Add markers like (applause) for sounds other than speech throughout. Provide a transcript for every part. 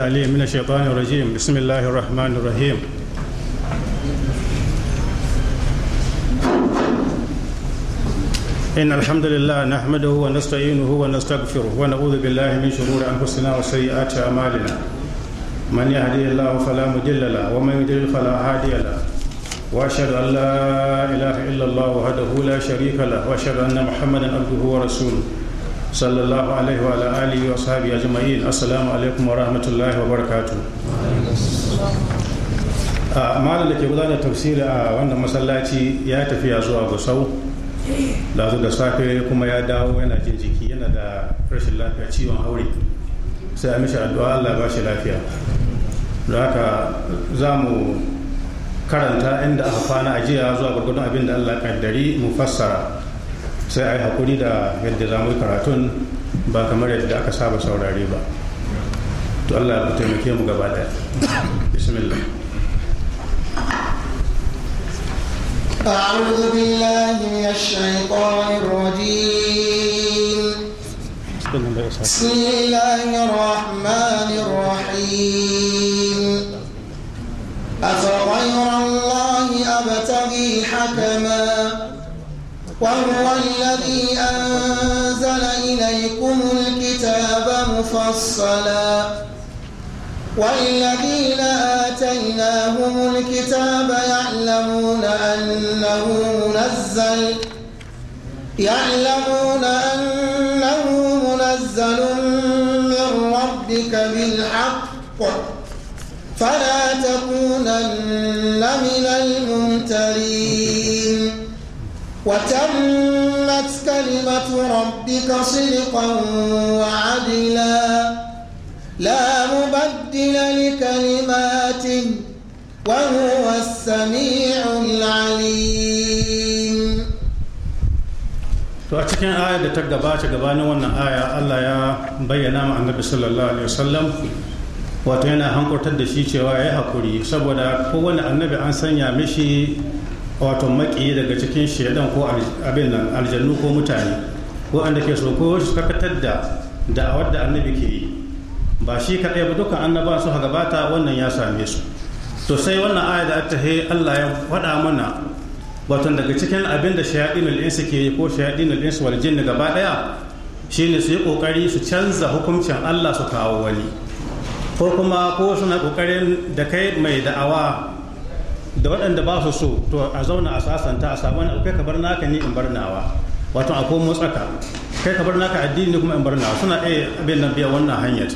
عليه من الشيطان الرجيم بسم الله الرحمن الرحيم إن الحمد لله نحمده ونستعينه ونستغفره ونعوذ بالله من شرور أنفسنا وسيئات أعمالنا من يهدي الله فلا مضل له ومن يضلل فلا هادي له وأشهد أن لا إله إلا الله وحده لا شريك له وأشهد أن محمدا عبده ورسوله sallallahu alaihi wa alihi wa sahbihi ajma'in assalamu alaikum wa rahmatullahi wa barakatuh a malam da ke gudanar tafsiri a wannan masallaci ya tafiya zuwa gusau lazu da safe kuma ya dawo yana jin jiki yana da rashin lafiya ciwon haure sai a mishi addu'a Allah ba shi lafiya da haka za mu karanta inda aka kwana a jiya zuwa gwargwadon abin da Allah kaddari mu fassara sai a yi haƙuri da yadda za mu yi karatun ba kamar yadda aka saba saurare ba to allah ku taimake mu gaba da bismillah أعوذ بالله من الشيطان الرجيم بسم الله الرحمن الرحيم أفغير الله أبتغي حكماً وهو الذي أنزل إليكم الكتاب مفصلا والذين آتيناهم الكتاب يعلمون أنه منزل يعلمون أنه منزل من ربك بالحق فلا تكونن من الممترين وتمت كلمة ربك صدقا وعدلا لا مبدل لكلماته وهو السميع العليم to a cikin ayar da ta gabata gabanin wannan aya Allah ya bayyana ma annabi sallallahu alaihi wasallam wato yana hankurtar da shi cewa ya hakuri saboda kowane annabi an sanya mishi wato maki daga cikin shaidan ko abin nan aljannu ko mutane ko an da ke so ko su karkatar da da'awar da annabi ke yi ba shi kaɗai ba dukkan annaba su gabata wannan ya same su to sai wannan aya da ta he Allah ya faɗa mana wato daga cikin abin da shayaɗin al'insu ke yi ko shayaɗin al'insu wal jinni gaba ɗaya shine su yi ƙoƙari su canza hukuncin Allah su kawo wani ko kuma ko suna ƙoƙarin da kai mai da'awa da waɗanda ba su so to a zauna a sasanta a sabon abu kai ka bar naka ni in bar nawa wato a komo tsaka kai ka bar naka addini kuma in bar nawa suna iya abin nan biya wannan hanyar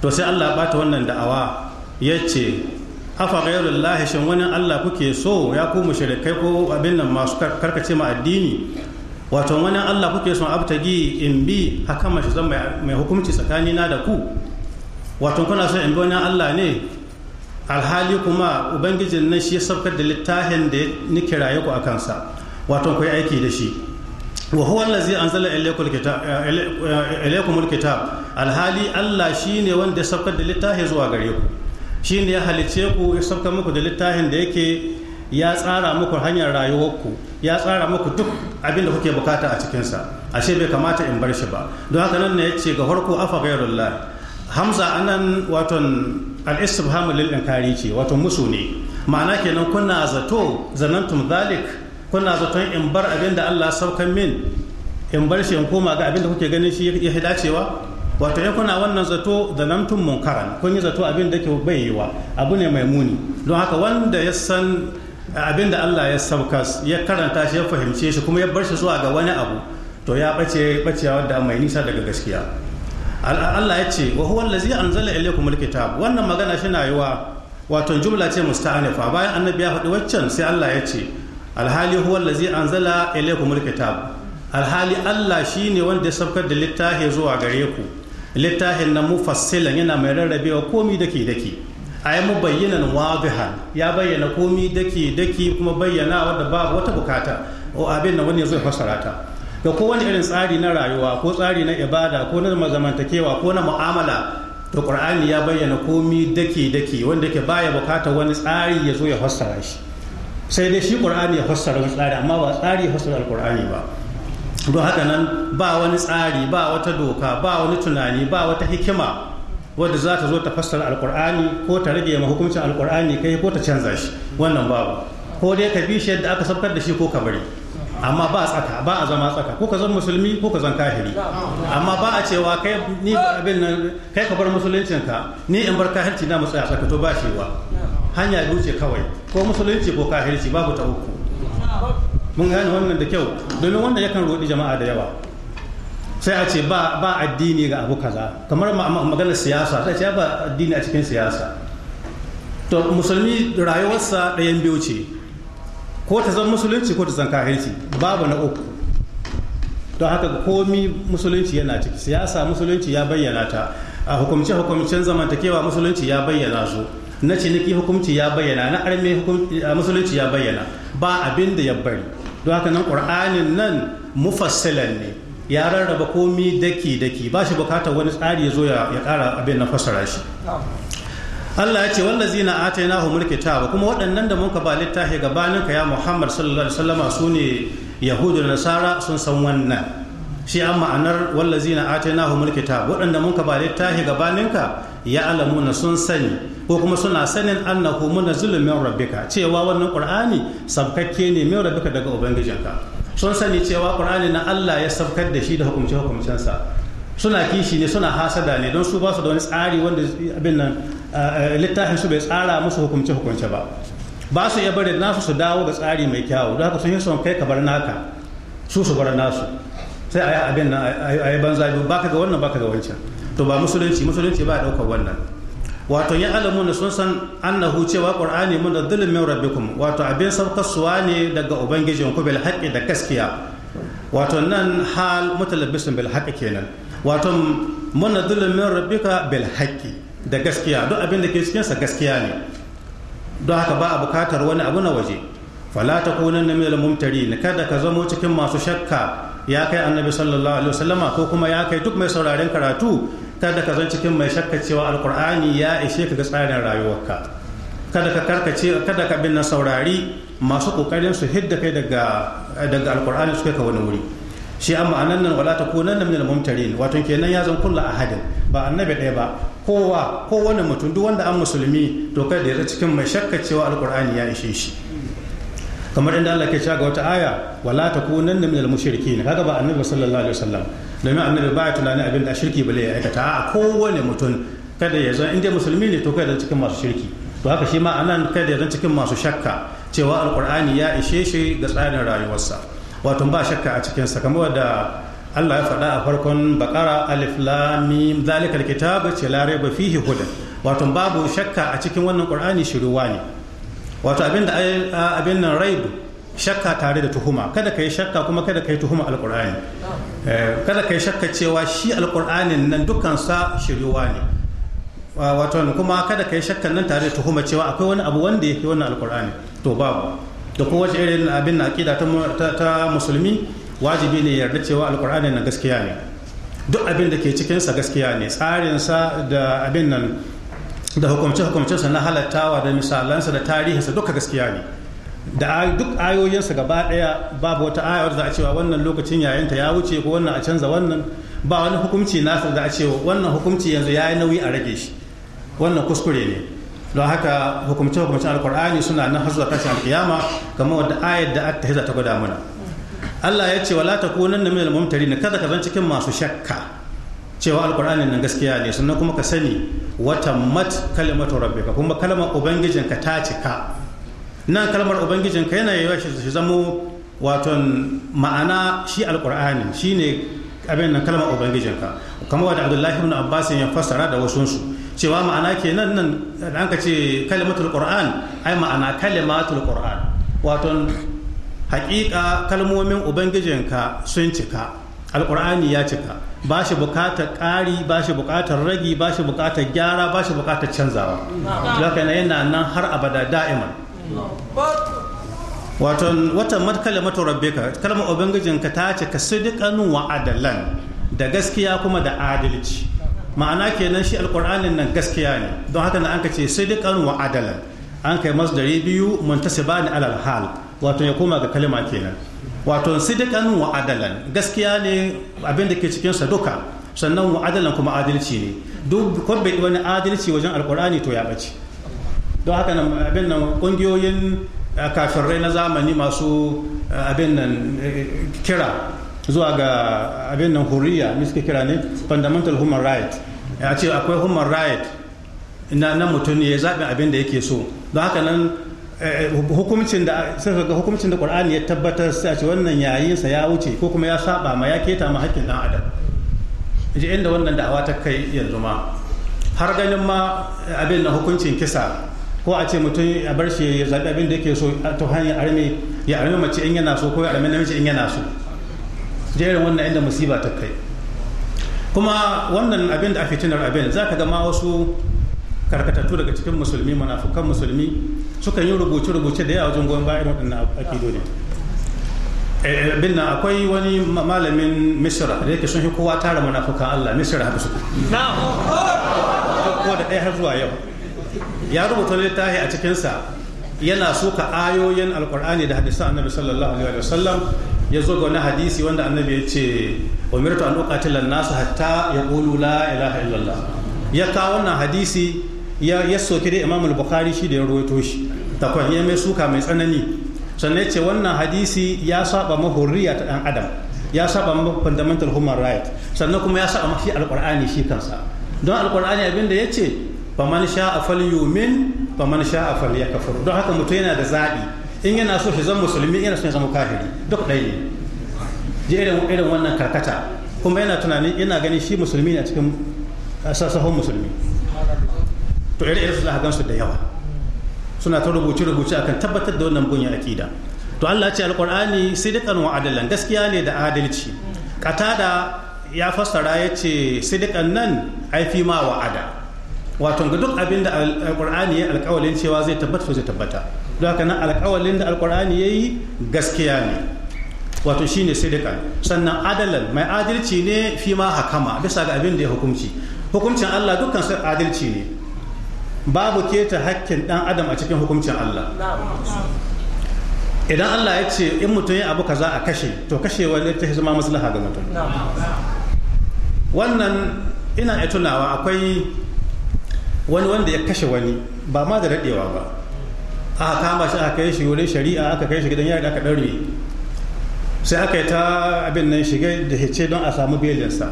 to sai Allah bata wannan da'awa ya ce afa ghayrul lahi shin wani Allah kuke so ya ku mushrikai ko abin nan masu karkace ma addini wato wani Allah kuke so gi in bi hakan shi zan mai hukunci tsakanina da ku wato kuna so in bi wani Allah ne alhali kuma ubangijin nan shi ya saukar da littafin da ni kiraye ku a kansa wato ku aiki da shi wa huwa allazi anzala ilaykum eh, kitab alhali Allah shine wanda ya saukar da littafin zuwa gare ku shine ya halice ku ya saukar muku da littafin da yake ya tsara muku hanyar rayuwar ku ya tsara muku duk abin da kuke bukata a cikinsa ashe bai kamata in bar shi ba don haka nan ne ya ce ga farko afa ghayrullah hamza anan waton al-istifhamu lil inkari ce wato musu ne ma'ana kenan kuna zato zanantum zalik kuna zaton in bar abin da Allah saukan min in bar shi in koma ga abin da kuke ganin shi ya hida cewa wato in kuna wannan zato zanantum munkaran kun yi zato abin da ke bai yiwa abu ne mai muni don haka wanda ya san abin da Allah ya sauka ya karanta shi ya fahimce shi kuma ya bar shi zuwa ga wani abu to ya bace bacewa da mai nisa daga gaskiya Allah ya ce wa huwa allazi anzala ilaykum alkitab wannan magana shi na yiwa wato jumla ce musta'anifa bayan annabi ya faɗi waccan sai Allah ya ce alhali huwa allazi anzala ilaykum alkitab alhali Allah shine wanda ya saukar da littafi zuwa gare ku littafin na mufassilan yana mai rarrabewa komi dake dake ayi mu bayyana wadihan ya bayyana komi dake dake kuma bayyana wanda ba wata bukata o abin nan wani zai fassara ta ga kowane irin tsari na rayuwa ko tsari na ibada ko na zamantakewa ko na mu'amala da qur'ani ya bayyana komi dake dake wanda ke baya bukatar wani tsari ya zo ya fassara shi sai dai shi qur'ani ya fassara wani tsari amma ba tsari ya fassara qur'ani ba don haka nan ba wani tsari ba wata doka ba wani tunani ba wata hikima wadda za ta zo ta fassara alkur'ani ko ta rage ma hukuncin alkur'ani kai ko ta canza shi wannan babu ko dai ka bi shi yadda aka tsaftar da shi ko ka bari amma ba a tsaka ba a zama tsaka ko ka zan musulmi ko ka zan kafiri amma ba a cewa kai ni abin nan kai ka bar musuluncin ka ni in bar kafirci na mutsaya tsaka to ba cewa hanya biyu ce kawai ko musulunci ko kafirci babu ta uku mun gane wannan da kyau domin wannan yakan rodi jama'a da yawa sai a ce ba addini ga abu kaza kamar maganar siyasa sai ce ba addini a cikin siyasa to musulmi rayuwarsa ɗayan biyu ce ko ta zan musulunci ko ta zan kahirci babu na uku don haka komi musulunci yana ciki siyasa musulunci ya bayyana ta a hukumce hukumcen zamantakewa musulunci ya bayyana su na ciniki hukumci ya bayyana na arme musulunci ya bayyana ba abin da ya bari don haka nan ƙur'anin nan mufassilan ne ya rarraba komi daki daki ba shi bukatar wani tsari ya zo ya kara abin na fassara shi Allah ya ce mulki ta ba kuma waɗannan da muka ba littafi gabanin ka ya Muhammad sallallahu alaihi wasallama ne yahudu da nasara sun san wannan shi an ma'anar wallazina mulki ta waɗanda muka ba littafi gabanin ka ya na sun sani ko kuma suna sanin annahu munazzilun min rabbika cewa wannan qur'ani sabkakke ne min rabbika daga ubangijinka sun sani cewa qur'ani na Allah ya sabkar da shi da hukumce hukumcensa suna kishi ne suna hasada ne don su ba su da wani tsari wanda abin nan littafin su bai tsara musu hukunce hukunce ba ba su iya bari nasu su dawo ga tsari mai kyawu don haka sun yi son kai ka bar naka su su bar nasu sai a yi abin nan a yi banza ba ka ga wannan ba ka ga wancan to ba musulunci musulunci ba a ɗaukar wannan wato ya na sun san annahu cewa qur'ani mun da min rabbikum wato abin suwa ne daga ubangijin ku bil haqqi da gaskiya wato nan hal mutalabbisun bil haqqi kenan wato mun da dhulmin rabbika bil haqqi da gaskiya duk abin da ke cikinsa gaskiya ne don haka ba a bukatar wani abu na waje falata ko nan na mil mumtari kada ka zamo cikin masu shakka ya kai annabi sallallahu alaihi wasallama ko kuma ya kai duk mai sauraren karatu kada ka zama cikin mai shakka cewa alqur'ani ya ishe ka ga tsarin rayuwarka kada ka karkace kada ka bin na saurari masu kokarin su hidda kai daga daga suke ka wani wuri shi amma anan nan wala ta kunan na mil mumtari wato kenan ya zan kullu ahadin ba annabi ɗaya ba kowa kowane mutum duk wanda an musulmi to kai da ya cikin mai shakka cewa alkur'ani ya ishe shi kamar inda Allah ke cewa ga wata aya wala ta min al mushrikin kaga ba annabi sallallahu alaihi wasallam domin annabi ba ya tunani abin da shirki bale ya aikata a kowane mutum kada ya zan inda musulmi ne to kai da cikin masu shirki to haka shi ma anan kada ya zan cikin masu shakka cewa alkur'ani ya ishe shi ga tsarin rayuwarsa wato ba shakka a cikin sa kamar da Allah ya faɗa a farkon bakara alif lam mim zalikal kitabu ce la raiba fihi hudan wato babu shakka a cikin wannan qur'ani shiruwa ne wato abin abinda abin nan raib shakka tare da tuhuma kada kai shakka kuma kada kai tuhuma alqur'ani eh, kada kai shakka cewa shi alqur'anin nan dukkan sa shiruwa ne wato kuma kada kai shakka nan tare da tuhuma cewa akwai wani abu wanda yake wannan alqur'ani to babu da kowace irin abin na akida ta musulmi wajibi ne yarda cewa alkur'ani na gaskiya ne duk abin da ke cikinsa gaskiya ne tsarinsa da abin nan da hukumce hukumcinsa na halattawa da misalansa da tarihinsa duka gaskiya ne da duk ayoyinsa gaba daya babu wata ayar za a cewa wannan lokacin ta ya wuce ko wannan a canza wannan ba wani hukumci nasa da a cewa wannan hukumci yanzu ya yi nauyi a rage shi wannan kuskure ne don haka hukumce hukumcin alkur'ani suna nan har zuwa tashin alkiyama kamar wadda ayar da ta gwada mana Allah ya ce wala takunanna minal na kada ka zan cikin masu shakka cewa alkur'ani na gaskiya ne sannan kuma ka sani wata mat kalimatu rabbika kuma kalmar ubangijinka ta cika nan kalmar ubangijinka yana yawa shi zamo waton ma'ana shi alkur'ani shi ne abin nan kalmar ubangijinka kamar wadda abdullahi ibn abbas ya fassara da wasunsu cewa ma'ana kenan nan da an ka ce kalimatul qur'an ai ma'ana kalimatul qur'an waton haƙiƙa kalmomin ubangijinka sun cika alƙur'ani ya cika ba shi bukatar ƙari ba shi bukatar ragi ba shi bukatar gyara ba shi bukatar canzawa zaka yana nan har abada da'iman wato watan mato rabbe ka kalmar ubangijinka ta cika su sidiqan wa'adalan da gaskiya kuma da adalci ma'ana kenan shi alkur'anin nan gaskiya ne don haka na an ka ce sidiqan wa adalan an kai masdari biyu muntasibani alal hal wato ya koma ga kalima kenan wato sidikan wa adalan gaskiya ne abinda ke cikin sa duka sannan wa adalan kuma adalci ne duk kwabbe wani adalci wajen alkur'ani to ya bace don haka nan abin nan kungiyoyin eh, kafirai na zamani masu eh, abin nan eh, kira zuwa ga abin nan huriya ne suke kira ne fundamental human right a ce akwai human right na mutum ya zaɓi abin da yake so don haka nan Eh, eh, hukuncin da suka ga hukuncin da Qur'ani ya tabbatar sai a ce wannan yayin sa ya wuce ko kuma ya saba ma ya keta ma hakkin dan adam ji inda wannan da'awa ta kai yanzu ma har ganin ma eh, abin na hukuncin kisa ko a ce mutum a bar shi ya zabi abin da yake so ta hanyar arme ya arme mace in yana so ko ya arme namiji in yana so jerin wannan inda musiba ta kai kuma wannan abin da a fitinar abin za ka ga ma wasu karkatattu daga cikin musulmi munafukan musulmi suka yi rubuce-rubuce da yawa wajen goyon bayan ake dole bin nan akwai wani malamin misira. da yake sun fi kowa tara munafukan allah misira haka suka kowa da ɗaya har zuwa yau ya rubuta littafi a cikinsa yana suka ayoyin alkur'ani da hadisan annabi sallallahu alaihi wa sallam ya zo ga wani hadisi wanda annabi ya ce umirtu an uqatila nasu hatta yaqulu la ilaha illallah ya kawo wannan hadisi ya soke da imamul bukhari shi da ya ruwaito shi takwan ya mai suka mai tsanani sannan ya ce wannan hadisi ya saba mahuriya ta dan adam ya saba fundamental human right sannan kuma ya saba shi alqur'ani shi kansa don alqur'ani da ya ce man sha'a a fal sha'a falyakfur don haka mutum yana da zabi in yana so shi zan musulmi yana so ya zama kafiri duk ɗaya ne je irin wannan karkata kuma yana tunanin yana ganin shi musulmi ne a cikin sassahon musulmi to irin irin su da yawa suna ta rubuce-rubuce akan tabbatar da wannan ya akida to Allah ce alqur'ani sidqan wa adalan gaskiya ne da adalci katada ya fassara ya ce sidqan nan ai fi ma wa'ada wato ga duk abin da alqur'ani ya alƙawalin cewa zai tabbata zai tabbata don haka nan alƙawalin da alqur'ani yayi gaskiya ne wato shine sidqan sannan adalan mai adalci ne fi ma hakama bisa ga abin da ya hukunci hukuncin Allah dukkan sai adalci ne babu keta hakkin dan adam a cikin hukuncin Allah idan Allah ya ce in mutum ya abu kaza a kashe to kashewa ne ta zama maslaha ga mutum wannan ina ya tunawa akwai wani wanda ya kashe wani ba ma da daɗewa ba aka kama shi aka kai shi wurin shari'a aka kai shi gidan yari aka ɗaure sai aka yi ta abin nan shiga da hece don a samu belinsa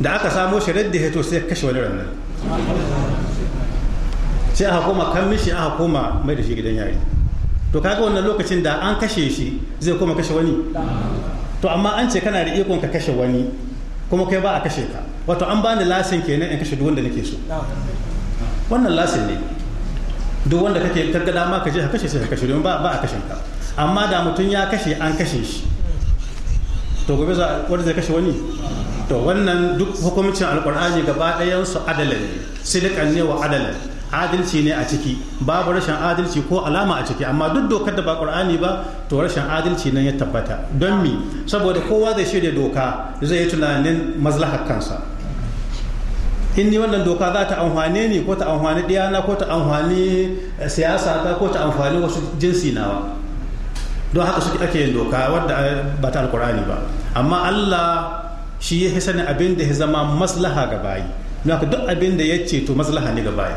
da aka samo shi da hito sai kashe wani ranar sai aka koma kan mishi aka koma mai da shi gidan yari to kaga wannan lokacin da an kashe shi zai koma kashe wani to amma an ce kana da ikon ka kashe wani kuma kai ba a kashe ka wato an bani lasin kenan in kashe duk wanda nake so wannan lasin ne duk wanda kake da ma ka je ka kashe sai ka kashe don ba a kashe ka amma da mutum ya kashe an kashe shi to gobe za wanda zai kashe wani to wannan duk hukumcin alkur'ani gaba ɗayan su adalan ne ne wa adalan adalci ne a ciki babu rashin adalci ko alama a ciki amma duk dokar da ba qur'ani ba to rashin adalci nan ya tabbata don mi saboda kowa zai shirya doka zai yi tunanin mazlahar kansa in ni wannan doka za ta amfane ni ko ta amfani diyana ko ta amfani eh, siyasa ta ko ta amfani wasu jinsi nawa don haka suke ake yin doka wadda eh, ba ta alkur'ani ba amma Allah shi ya sani abin da ya zama maslaha ga bayi don duk abin da ya ce to maslaha ne ga bayi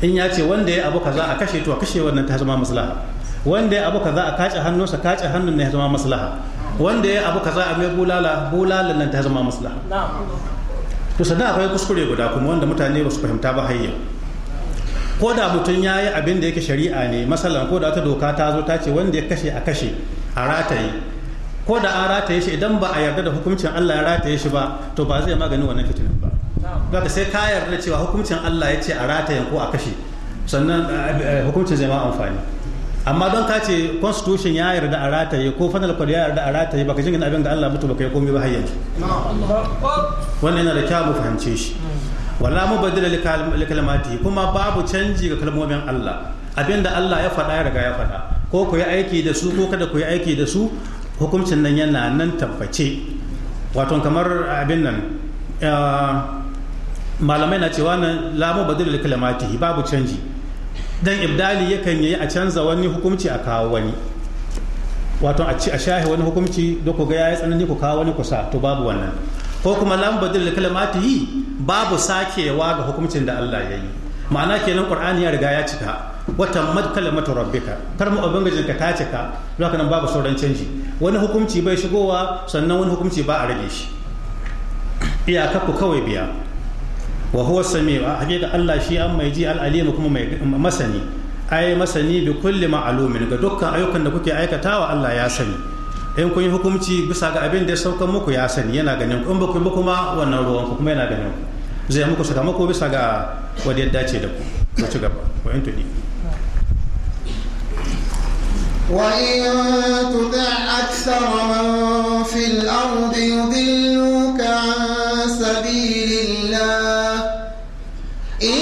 in ya ce wanda ya abu kaza a kashe to a kashe wannan ta zama maslaha wanda ya abu kaza a kace hannunsa kace hannun ne ya zama maslaha wanda ya abu kaza a mai bulala bulala nan ta zama maslaha to sannan akwai kuskure guda kuma wanda mutane ba su fahimta ba hayya ko da mutum ya yi abin da yake shari'a ne masalan ko da wata doka ta zo ta ce wanda ya kashe a kashe a rataye ko da an rataye shi idan ba a yarda da hukuncin Allah ya rataye shi ba to ba zai magani wannan fitinin ba ka sai ka yarda da cewa hukuncin Allah ya ce a ratayen ko a kashe sannan eh, eh, hukuncin zai ma amfani amma don ka ce constitution ya yarda a rataye ko final code ya yarda a rataye baka jingina abin ga Allah mutu baka yi komai ba har yanzu wannan yana da kyau mu fahimce shi wala mu badala li kuma babu canji ga kalmomin Allah abin da Allah ya faɗa ya riga ya faɗa ko ku yi aiki da su ko kada ku yi aiki da su hukuncin nan yana nan tabbace wato kamar abin nan eh, malamai na cewa nan lamu badil kalimatihi babu canji dan ibdali yakan yi a canza wani hukumci a kawo wani wato a ci a shahi wani hukumci da ku ga yayi tsanani ku kawo wani kusa to babu wannan ko kuma lam badil kalimatihi babu sakewa ga hukumcin da Allah ya yi ma'ana kenan qur'ani ya riga ya cika wata mad kalamatu rabbika kalmar ubangijin ka ta cika zaka nan babu sauran canji wani hukumci bai shigowa sannan wani hukumci ba a rage shi iyakar ku kawai biya wa huwa a hakika Allah shi an mai ji al'alima kuma mai masani ai masani bi kulli ma'lumin ga dukkan ayyukan da kuke aikatawa Allah ya sani in kun yi hukunci bisa ga abin da ya sauka muku ya sani yana ganin ku in ba ku ba kuma wannan ruwan ku kuma yana ganin ku zai muku muku bisa ga wanda ya dace da ku ku ci gaba wa in tudi وإن تطع أكثر من في الأرض يضلوك عن سبيل قليلا إن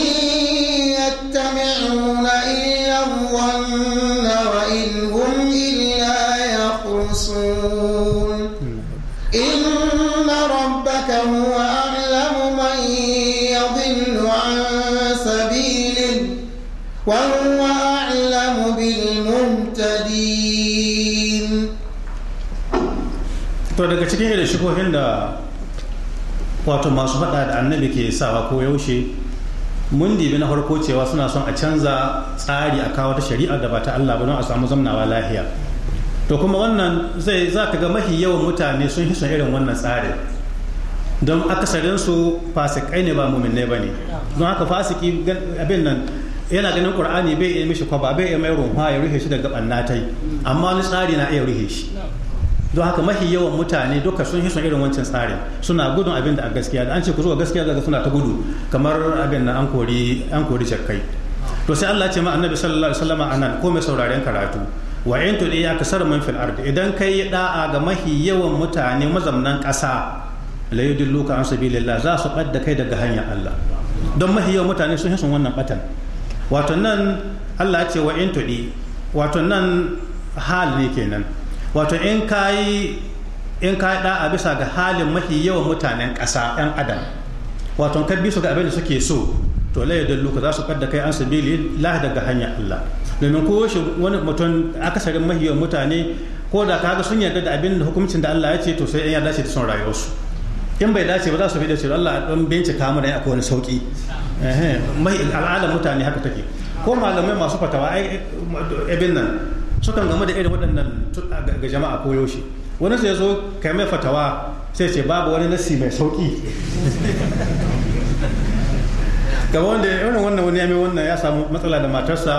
يتبعون إلا الظن وإن هم إلا يخرصون إن ربك هو أعلم من يضل عن سبيله وهو أعلم بالمهتدين to daga cikin irin shigohin da wato masu faɗa da annabi ke sawa ko yaushe mun dibi na farko cewa suna son a canza tsari a kawo ta shari'a da ba ta Allah ba don a samu zamnawa lahiya to kuma wannan zai za ka ga mafi yawan mutane sun hison irin wannan tsarin don akasarin su fasikai ne ba ne ba ne don haka fasiki abin nan yana ganin qur'ani bai iya mishi kwaba bai iya mai rumfa ya rufe shi daga ɓannatai amma wani tsari na iya rufe shi don haka mafi yawan mutane duka sun yi irin wancan tsarin suna gudun abin da a gaskiya da an ce ku zo gaskiya daga suna ta gudu kamar abin na an kori an kori jakkai to sai Allah ce ma annabi sallallahu alaihi wasallama anan ko mai sauraren karatu wa in tudi ya kasar man fil ardi idan kai da'a ga mahi yawan mutane mazamnan ƙasa la yudilluka an sabilillah za su da kai daga hanyar Allah don mahi yawan mutane sun yi wannan batan wato nan Allah ce wa in tudi wato nan hal ne kenan wato in ka yi in ka da a bisa ga halin mafi yawan mutanen ƙasa 'yan adam wato ka bi su ga abin da suke so to la da ka za su kadda kai an sabili lahi daga hanyar Allah domin ko shi wani mutum akasarin mafi yawan mutane ko da ka ga sun yarda da abin da hukuncin da Allah ya ce to sai yan yarda dace da son rayuwarsu in bai dace ba za su fi da cewa Allah don bincika mu da akwai wani sauki eh al'adar mutane haka take ko malamai masu fatawa ai abin nan sukan game da irin waɗannan ga jama'a ko yaushe wani sai zo kai mai fatawa sai ce babu wani nasi mai sauki (laughs) gaba wanda irin wannan wani ya mai wannan ya samu matsala da matarsa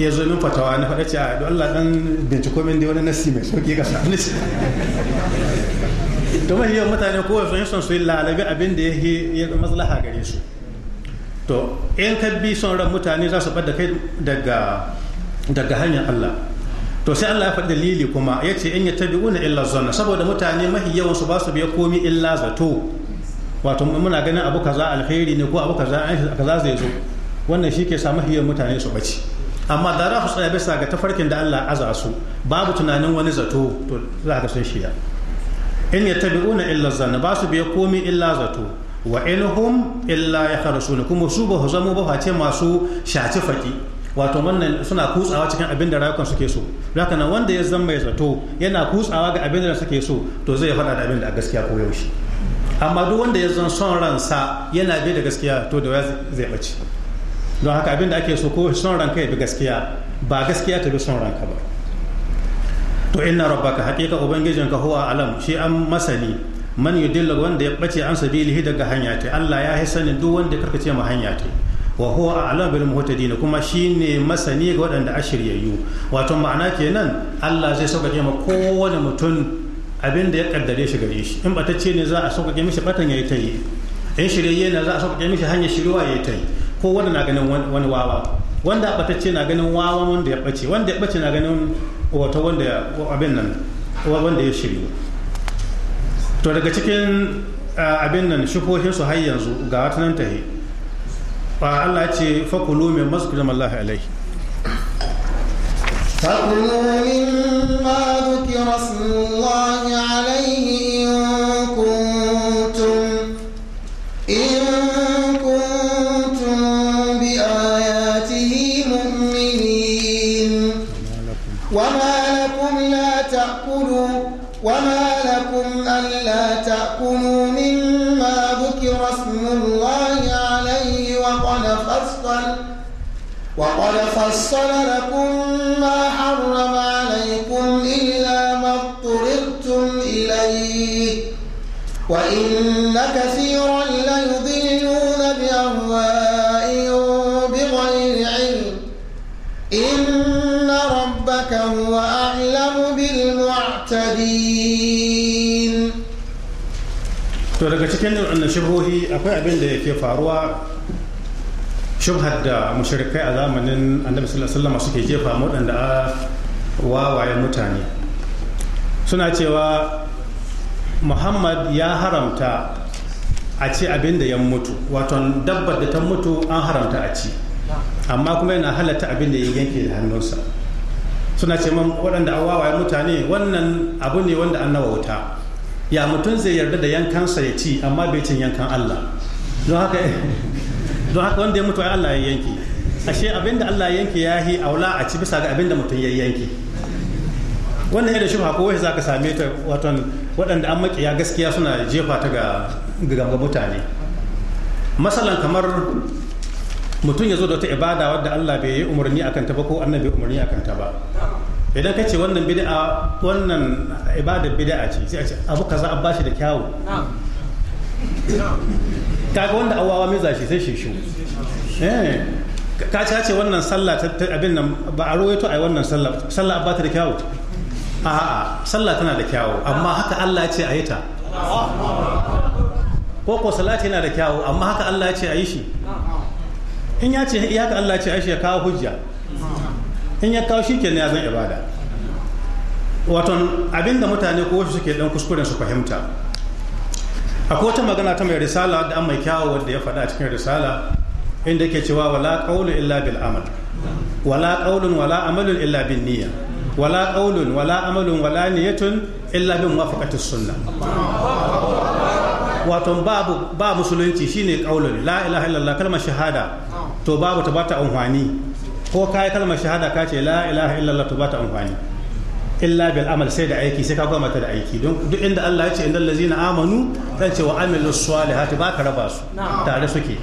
ya zo min fatawa na faɗa ce a yadda Allah ɗan binciko min dai wani nasi mai sauki sami shi to (laughs) mai yawan mutane ko wasu son su yi lalabi abin da ya maslaha gare su to in ka bi son ran mutane za su bada kai daga daga hanyar Allah to sai Allah ya faɗi dalili kuma ya ce in yattabi'una illa zanna saboda mutane mahi yawan su ba su biya komi illa zato wato muna ganin abu kaza alheri ne ko abu kaza kaza zai zo wannan shi ke sa mahi yawan mutane su bace amma da za su tsaya bisa ga tafarkin da Allah aza su babu tunanin wani zato to za ka san ya, in yattabi'una illa zanna ba su biya komi illa zato wa in hum illa yakhrusuna kuma su ba zama ba face masu shaci faki wato wannan suna kutsawa cikin abin da rayukan suke so haka nan wanda ya zama mai zato yana kutsawa ga abin da suke so to zai fada da abin da a gaskiya ko yaushe amma duk wanda ya zama son ransa yana bi da gaskiya to da zai bace don haka abin da ake so ko son ranka ya bi gaskiya ba gaskiya ta bi son ranka ba to inna rabbaka haqiqa ubangijinka huwa alam shi an masani man yudilla wanda ya bace an sabilihi daga hanya ta Allah ya yi sanin duk wanda karkace ma hanya ta wa huwa a'lam bil muhtadin kuma shine masani ga waɗanda ashiryayyu wato ma'ana kenan Allah zai sauƙaƙe ma kowane mutum abin da ya kaddare shi gare shi in ce ne za a sauƙaƙe mishi fatan yayi ta yi in shiryayye ne za a sauƙaƙe mishi hanyar shiruwa yayi ta yi ko wanda na ganin wani wawa wanda batacce na ganin wawa wanda ya bace wanda ya bace na ganin wato wanda abin nan wanda ya shiryu to daga cikin eh, abin nan shukohin su har yanzu ga wata nan tahi Allah ya فكلوا fakulu min الله عليه فكلوا مما ذكر اسم الله عليه إن كنتم إن كنتم بآياته مؤمنين وما لكم لا تأكلوا وما لكم ألا تأكلوا مما ذكر اسم الله أصلا وقد فصل لكم ما حرم عليكم إلا ما اضطررتم إليه وإن كثيرا ليضلون بأهوائهم بغير علم إن ربك هو أعلم بالمعتدين to daga cikin nau'in shubuhi akwai abin shubhar da mushrikai a zamanin annabi sallallahu alaihi wasallam suke jefa waɗanda a wawaye mutane suna cewa muhammad ya haramta a ci abin da ya mutu wato dabbar da ta mutu an haramta a ci amma kuma yana halatta abin da ya yanke da hannunsa suna ce man waɗanda a wawaye mutane wannan abu ne wanda an nawauta ya mutum zai yarda da yankansa ya ci amma bai cin yankan allah don haka don haka wanda ya mutu ai Allah ya yanki ashe abinda Allah ya yanke yahi aula a ci bisa ga abinda mutum ya yanki wannan da shubha ko wai zaka same ta wato waɗanda an makiya gaskiya suna jefa ta ga ga mutane masalan kamar mutum ya zo da ta ibada wadda Allah bai yi umarni akan ta ba ko annabi bai umarni akan ta ba idan ka ce wannan bid'a wannan ibadar bid'a ce sai a ce abu kaza an bashi da kyawu (laughs) kaga wanda awawa mai zashi sai shi eh, ka ce wannan sallah abin nan ba a a yi wannan sallah sallah ba ta da kyawu a'a sallah tana da kyawu amma haka Allah ya ce a yi ta ko ko salati yana da kyawu amma haka Allah ya ce a yi shi in ya ce haka Allah ya ce a yi shi ya kawo hujja in ya kawo shi ne ya zan ibada waton abinda mutane ko wasu suke dan kuskuren su fahimta akwai wata magana ta mai risala da an mai kyawo wanda ya faɗa a cikin risala inda yake cewa wala ƙaunin illa bil amal wala ƙaunin wala amalun illa bin niyya wala ƙaunin wala amalun wala niyyatun illa bin wafaqati sunna wato babu ba musulunci shine ƙaunin la ilaha illallah kalmar shahada to babu ta bata amfani ko kai kalmar shahada ka ce la ilaha illallah to bata amfani illa bil amal sai da aiki sai ka goma ta da aiki don duk inda Allah ya ce innal ladzina amanu dan ce wa amilu salihati ba ka raba su tare suke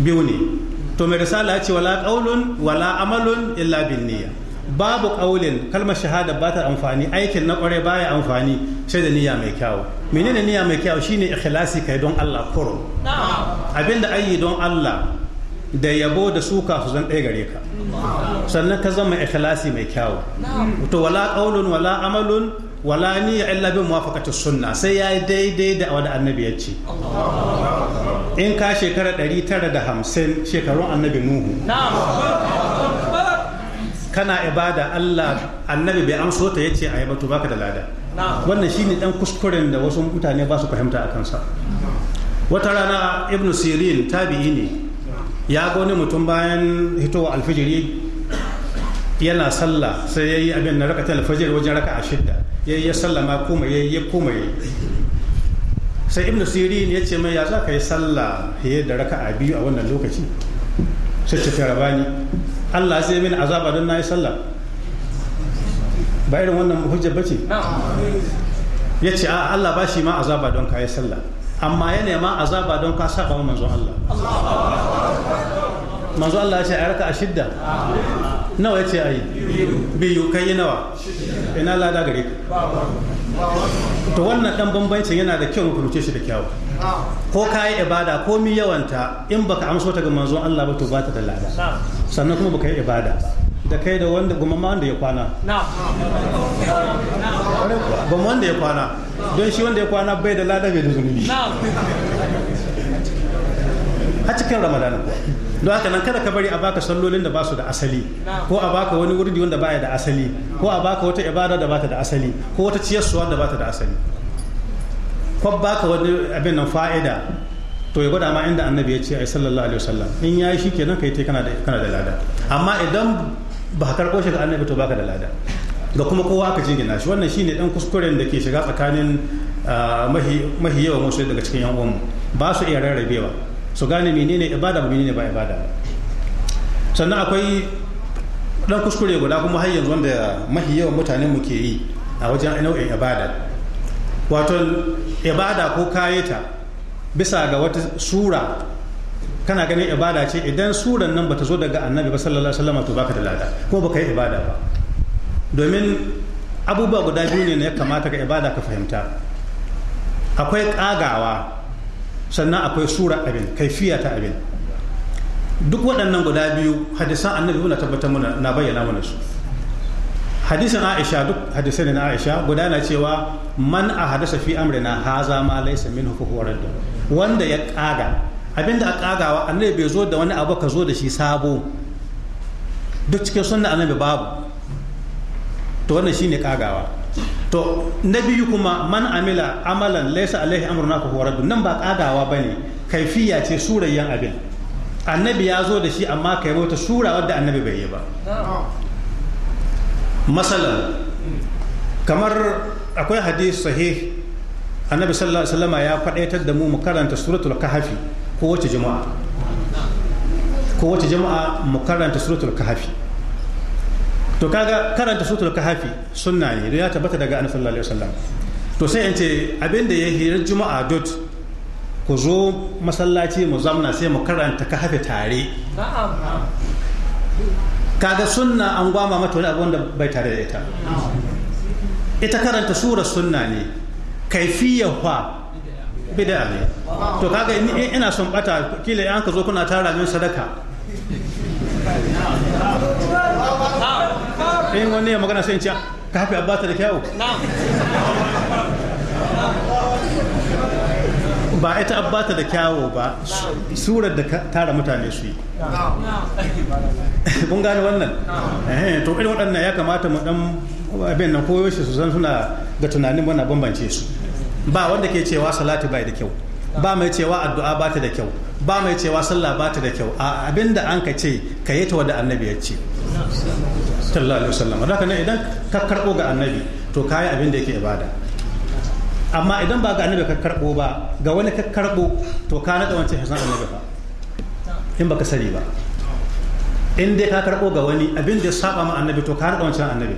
biyu ne to mai risala ya ce wala qaulun wala amalun illa bin niyya babu qaulin kalmar shahada ba ta amfani aikin na kware baya amfani sai da niyya mai kyawu menene niyya mai kyau shine ikhlasi kai don Allah kurum abinda ayi don Allah da yabo da suka su zan ɗaya gare ka sannan ka zama ikhlasi mai kyawu to wala qaulun wala amalun wala niyya illa bi muwafaqati sunna sai yayi daidai da wani annabi ya ce in ka shekara 950 shekarun annabi nuhu kana ibada Allah annabi bai amso ta yace ayi ba to baka da lada wannan shine dan kuskuren da wasu mutane ba su fahimta akan sa wata rana ibnu sirin tabi'i ne ya ga wani mutum bayan hitowa alfijiri yana sallah sai ya yi abin na raka ta alfajir wajen raka a shidda ya yi sallama kuma ya yi kuma ya sai ibn sirin ya ce mai ya za ka yi sallah fiye da raka a biyu a wannan lokaci sai ce bani allah sai min azaba don na yi sallah ba irin wannan hujjar bace ya ce a allah ba shi ma azaba don ka yi sallah amma ya nema azaba don ka saba wa manzo Allah manzo Allah ya ce a raka a shidda nawa ya ce a yi biyu kan yi nawa ina lada gare ka to wannan dan bambancin yana da kyau rubuce shi da kyau ko ka yi ibada ko mi yawanta in baka amso ta ga manzo Allah ba to ba ta da lada sannan kuma baka yi ibada ba da kai da wanda gwamma wanda ya kwana gwamma wanda ya kwana don shi wanda ya kwana bai da lada bai da zunubi a cikin ramadana don haka nan kada ka bari a baka sallolin da ba su da asali ko a baka wani wurdi wanda baya da asali ko a baka wata ibada da bata da asali ko wata ciyarsuwa da bata da asali ko baka wani abin nan fa'ida to ya gwada ma inda annabi ya ce a sallallahu alaihi wasallam in ya shi kenan kai te kana da kana da lada amma idan ba ka karɓo shi ga annabi to baka da lada ga kuma kowa aka jingina shi wannan shine dan kuskuren da ke shiga tsakanin ah, mahi yawan wasu daga cikin yan uwanmu ba su iya rarrabewa su gane menene ibada ba menene ba ibada sannan akwai dan kuskure guda kuma har yanzu wanda mahi yawan mutanen mu ke yi a wajen nau'in ibada wato ibada ko kayeta bisa ga wata sura kana ganin ibada ce idan suran nan bata zo daga annabi ba sallallahu alaihi wasallam to baka da lada ko baka yi ibada ba domin abubuwa guda biyu ne ya kamata ka ibada ka fahimta akwai kagawa sannan akwai sura abin kaifiya ta abin duk waɗannan guda biyu hadisan annabi muna tabbatar muna na bayyana mana su hadisan aisha duk hadisan na aisha guda na cewa man a hadasa fi amrina haza ma laysa minhu fa da wanda ya kaga abinda a kagawa annabi bai zo da wani abu ka zo da shi sabo duk cikin sunna annabi babu to wannan shine kagawa to na biyu kuma man amila amalan laysa alaihi amruna ka huwa nan ba kagawa bane kaifiya ce surayyan abin annabi ya zo da shi amma kai wata sura wadda annabi bai yi ba masalan kamar akwai hadisi sahih annabi sallallahu alaihi wasallama ya faɗaitar da mu mu karanta suratul kahfi kowace juma'a kowace juma'a mu karanta suratul kahfi to kaga karanta suratul kahfi sunna ne ya tabbata daga annabi sallallahu alaihi wasallam to sai in ce abinda ya hira juma'a dot ku zo masallaci mu zamna sai mu karanta kahfi tare kaga sunna an gwama mata wani abu wanda bai tare da ita ita karanta sura sunna ne kaifiyar fa bid'a ne to kaga eh, ina son bata kila an ka zo kuna tara min sadaka in wani ya magana sai in ciya ka hafi abata da kyawu ba ita abata da kyawo ba surar da tara mutane su yi mun gane wannan eh, to irin waɗannan ya kamata mu dan abin nan koyo su san suna ga tunanin wannan bambance su ba wanda ke cewa salati bai da kyau ba mai cewa addu'a ba ta da kyau ba mai cewa sallah ba ta da kyau a abinda an ka ce ka yi ta wanda annabi ya ce sallallahu ne idan ka karɓo ga annabi to kayi abin da yake ibada amma idan ba ga annabi ka karbo ba ga wani ka karbo to ka nada wancan hisan annabi ba in baka sani ba in dai ka karbo ga wani abinda ya saba ma annabi to ka nada wancan annabi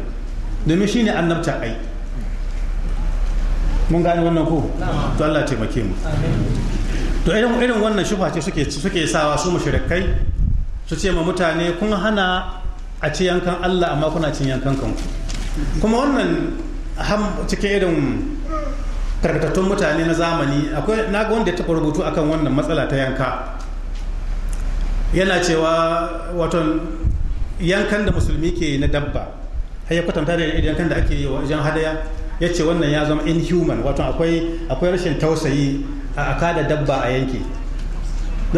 domin shine annabta ai mun gane wannan ko to Allah taimake mu to irin irin wannan shufa ce suke suke sawa su mushrikai su ce ma mutane kun hana a ci yankan Allah amma kuna cin yankan kanku kuma wannan cikin irin karkatattun mutane na zamani akwai na ga wanda ya taɓa rubutu akan wannan matsala ta yanka yana cewa wato yankan da musulmi ke na dabba har ya kwatanta da yankan da ake yi wa hadaya ya ce wannan ya zama inhuman wato akwai akwai rashin tausayi a aka da dabba a yanki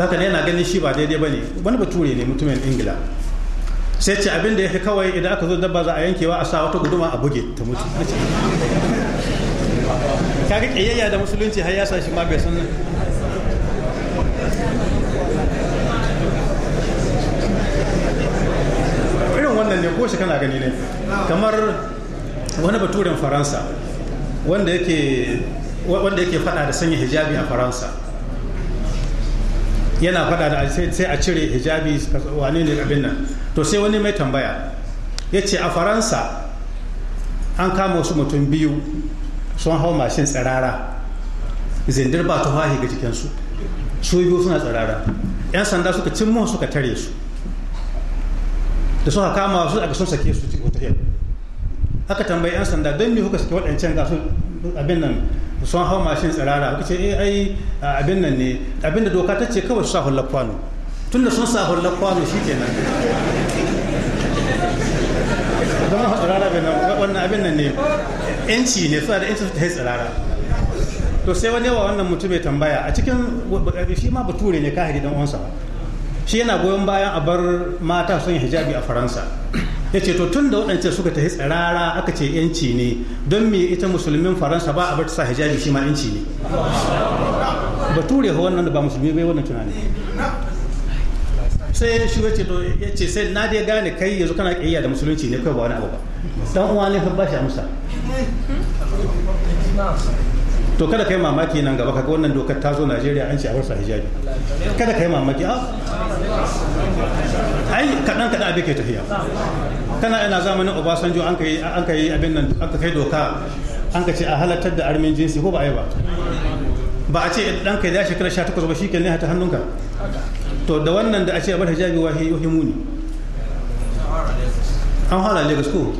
haka ne yana ganin shi ba daidai ba ne wani bature ne mutumin ingila sai ce abin da ya fi kawai idan aka zo dabba za a yankewa a sa wata guduma a buge ta mutu kaga kiyayya da musulunci har ya sa shi ma bai san irin wannan ne ko shi kana gani ne kamar wani baturin faransa wanda yake fada da sanya hijabi a faransa yana fada da sai a cire hijabi wane ne abin nan to sai wani mai tambaya ya ce a faransa an kama wasu mutum biyu sun hau mashin tsirara zindir ba ta hahi ga jikinsu su biyu suna tsirara 'yan sanda suka cimma suka tare su da suka kama su aka sun sake su cikin aka tambayi 'yan sanda don me kuka suke waɗancan su abin nan sun hau mashin tsirara kuka ce eh, ai abin nan ne abin da doka ta ce kawai su sa hullar kwano tun da sun sa hullar kwano shi nan zama hau tsirara bai nan wannan abin nan ne yanci ne suna da yanci su ta yi tsirara to sai wani yawa wannan mutum ya tambaya a cikin shi ma bature ne kahiri dan uwansa shi yana goyon bayan a bar mata sun hijabi a faransa ya ce to tun da waɗancan suka tafi tsirara aka ce yanci ne don me ita musulmin faransa ba a bar sa hijabi shi ma yanci ne bature ha wannan da ba musulmi bai wannan tunani sai shi ya ce to ya ce sai na dai gane kai yanzu kana kiyaya da musulunci ne kai ba wani abu ba dan uwa ne ba shi amsa to kada kai mamaki nan gaba kaga wannan dokar ta zo Najeriya an ce a bar sa hijabi kada kai mamaki a ah, ai kaɗan kaɗan abin ke tafiya kana yana zamanin obasanjo an ka yi an kai abin nan an ka kai doka an ka ce a halartar da armin jinsi ko ba a yi ba ba a ce dan kai da shekara 18 ba shi ya ta hannunka to da wannan da a ce bar hijabi wahi wahi muni an hala Lagos ko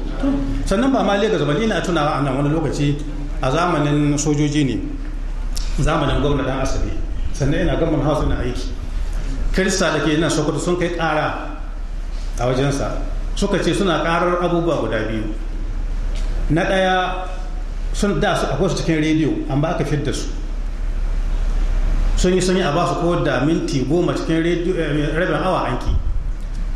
sannan ba ma Lagos ba ina tunawa a nan wani lokaci a zamanin sojoji ne zamanin gwamnati dan asabe sannan ina gaban hausa na aiki kirista da ke nan sokoto sun kai ƙara a wajensa suka ce suna ƙarar abubuwa guda biyu na ɗaya sun da su a kwasu cikin rediyo amma aka fidda su sun yi sun yi a ba su ko da minti goma cikin eh, rabin awa anki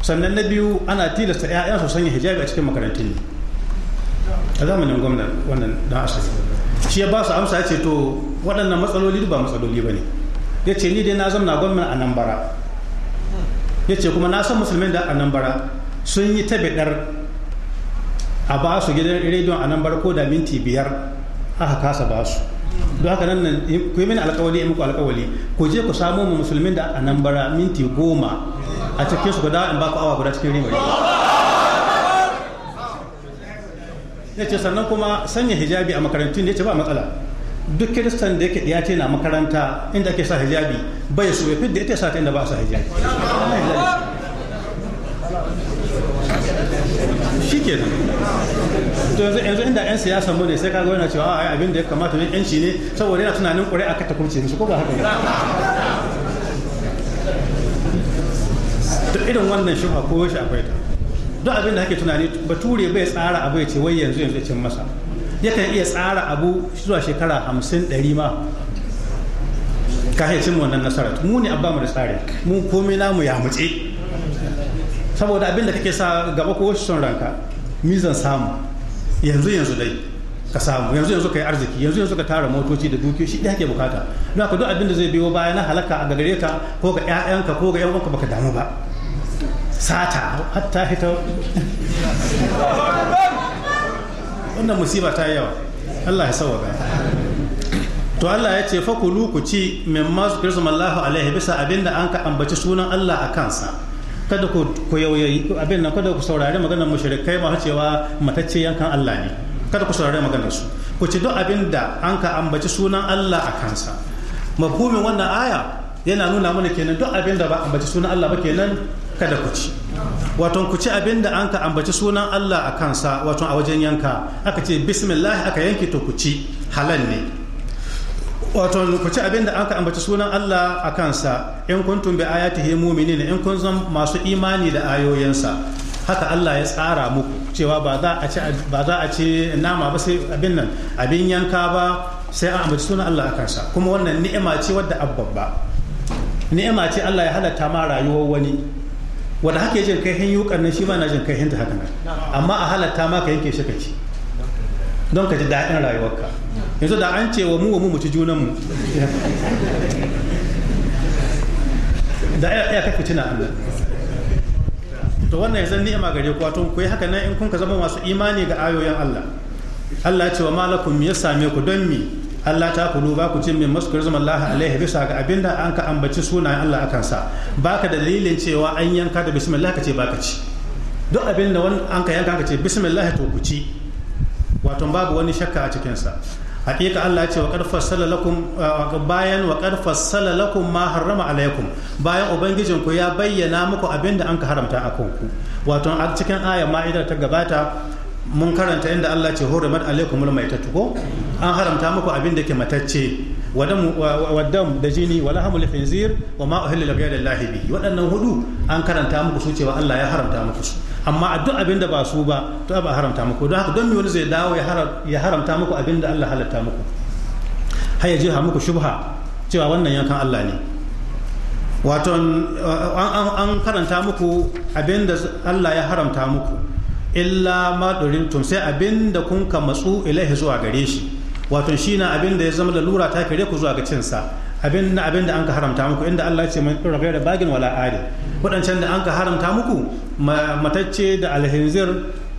sannan na biyu ana tilasta 'ya'yansu sanya hijabi a cikin makarantun ne a zamanin gwamnan wannan dan asali shi ya ba su amsa ya ce to waɗannan matsaloli ba matsaloli ba ne ya ce ni dai na zama na gwamnan a nan bara ya ce kuma na san musulmin da anambara sun yi tabidar a ba su gidan rediyon anambra ko da minti biyar aka kasa ba su don haka nan ku yi mini alkawali muku alkawali ku je ku samo mu musulmin da a nan minti goma a cikin su guda in ba ku awa guda cikin rimar ya ce sannan kuma sanya hijabi a makarantun ya ce ba matsala duk kiristan da yake ɗiya na makaranta inda ake sa hijabi bai su ya da ita sa ta inda ba sa hijabi shi ke yanzu yanzu inda 'yan siyasa mu ne sai kaga yana cewa a abin da ya kamata ne 'yanci ne saboda yana tunanin kure a kata kurce su ko ba haka ne duk irin wannan shuha ko shi akwai ta duk abin da kake tunani ba ture bai tsara ya ce wai yanzu yanzu cin masa yakan iya tsara abu zuwa shekara hamsin ɗari ma ka haifin cin wannan nasara mu ne abba mu da tsari mu komai namu ya mutse saboda abin da kake sa gaba ko wasu son ranka mizan samu yanzu yanzu dai ka samu yanzu yanzu ka yi arziki yanzu yanzu ka tara motoci da dukiyoyi shi ɗaya ke bukata don ka duk abin da zai biyo baya na halaka a gagare ka ko ga 'ya'yanka ko ga 'yan baka damu ba sata hatta hita (laughs) wannan musiba ta yawa Allah ya sauwaka to Allah ya ce fakulu ku ci min masu kirsu mallahu alaihi bisa abinda an ka ambaci sunan Allah a kansa kada ku yauyayi abin nan kada ku saurari maganar mushrikai ma cewa matacce yankan Allah ne kada ku saurari maganar su ku ci duk abinda an ka ambaci sunan Allah a kansa mafhumin wannan aya yana nuna mana kenan duk abinda ba ambaci sunan Allah ba kenan kada ku ci wato ku ci abin da an ka ambaci sunan Allah a kansa wato a wajen yanka aka ce bismillah aka yanki to ku ci halal ne wato ku ci abin da an ka ambaci sunan Allah a kansa in kuntum bi ayatihi mu'minina in kun zan masu imani da ayoyinsa haka Allah ya tsara muku cewa ba za a ci ba za a ci nama ba sai abin nan abin yanka ba sai an ambaci sunan Allah a kansa kuma wannan ni'ima ce wadda abbabba ni'ima ce Allah ya halatta ma rayuwar wani wanda haka jin kai hin yukan shi ma na jin kai hinta haka nan amma a halatta ma ka yanke shi ka ci don ka ji daɗin rayuwarka yanzu da an ce wa mu wa mu mu ci junan mu da ya kafi tuna Allah to wannan yanzu ni'ima gare ku wato ku yi haka nan in kun ka zama masu imani ga ayoyin Allah Allah ya ce wa malakum ya same ku don mi Allah ta kulu ba ku cin min maskur zama Allah alaihi bisa ga abin da an ka ambaci sunayen Allah akan sa ka dalilin cewa an yanka da bismillah ka ce ba ka ci duk abin da an ka yanka ka ce bismillah to ku ci wato babu wani shakka a cikin sa hakika Allah ya ce wa qad fassala lakum uh, bayan wa qad fassala ma harrama alaikum bayan ubangijin ku ya bayyana muku abin da an ka haramta a kanku wato a cikin ayar ma'idar ta gabata mun karanta inda Allah ce huramat alaikumul maitatu ko an haramta muku abin da ke matacce waddam da jini wala hamul khinzir wa ma uhilla lillahi bi waɗannan hudu an karanta muku su cewa Allah ya haramta muku su amma a duk abin da ba su ba to ba haramta muku don haka don me wani zai dawo ya haramta muku abin da Allah halatta muku har ya jefa muku shubha cewa wannan yankan Allah ne wato an karanta muku abin da Allah ya haramta muku illa ma durintum sai abin da kun ka matsu ilaihi zuwa gare shi wato shi na abin da ya zama lalura ta kare ku zuwa ga cinsa abin na abin da an ka haramta muku inda Allah ya ce mai dora da bagin wala ari waɗancan da an ka haramta muku matacce da alhinzir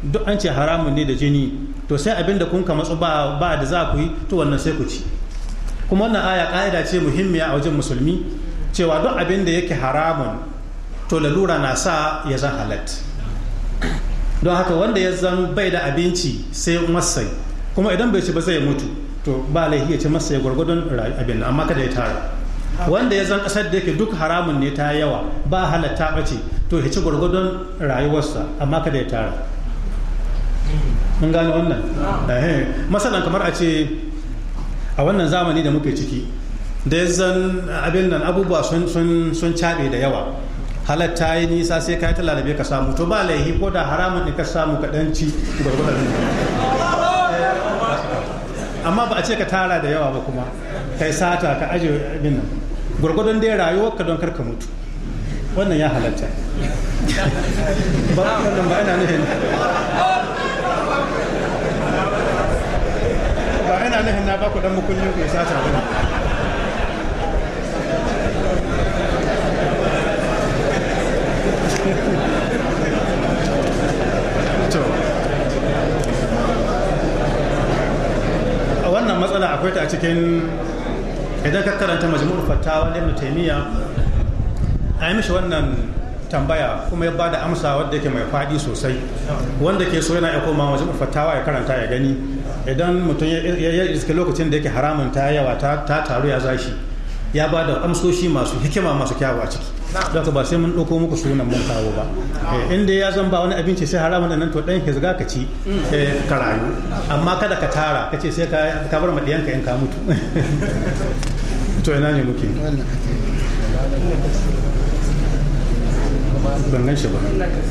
duk an ce haramun ne da jini to sai abin da kun ka matsu ba da za ku yi to wannan sai ku ci kuma wannan aya ka'ida ce muhimmiya a wajen musulmi cewa duk abin da yake haramun to lalura na sa ya zan halatta don haka wanda ya zan bai da abinci sai masai kuma idan bai ci ba zai mutu to ba laifi ya ci masai gwargwadon abin amma kada ya tara wanda ya zan kasar da yake duk haramun ne ta yawa ba halatta ba ce to ya ci gwargwadon rayuwarsa amma kada ya tara mun gane wannan masalan kamar a ce a wannan zamani da muke ciki da ya zan abin nan abubuwa sun caɓe da yawa halatta yi nisa sai ka yi ta lalabe ka samu to ba laihi ko da haramun ne ka samu ka dan ci gwargwadon eh, amma ba a ce ka tara da yawa ba kuma kai sata ka aje abin nan gwargwadon dai rayuwar ka don kar ka mutu wannan ya halatta ba wannan ba ina nufin ba ina nufin na ba ku dan mukullin ku yi sata ba matsala akwai ta cikin idan ka karanta majmu'ul fatawa na ibn a yi mishi wannan tambaya kuma ya bada amsa wadda yake mai fadi sosai wanda ke so yana ya koma majmu'ul fatawa ya karanta ya gani idan mutum ya iske lokacin da yake haramun ta yawa ta taru ya zashi ya bada amsoshi masu hikima masu kyawu a ciki don ka ba sai mun ɗauko muku sunan mun kawo ba eh, in dai ya zan ba wani abinci sai haramun nan to ɗan zaga ka ci eh, ka rayu amma kada ka tara ka ce sai ka bar ma ɗiyanka in ka mutu (laughs) to ina ne muke ban gan shi ba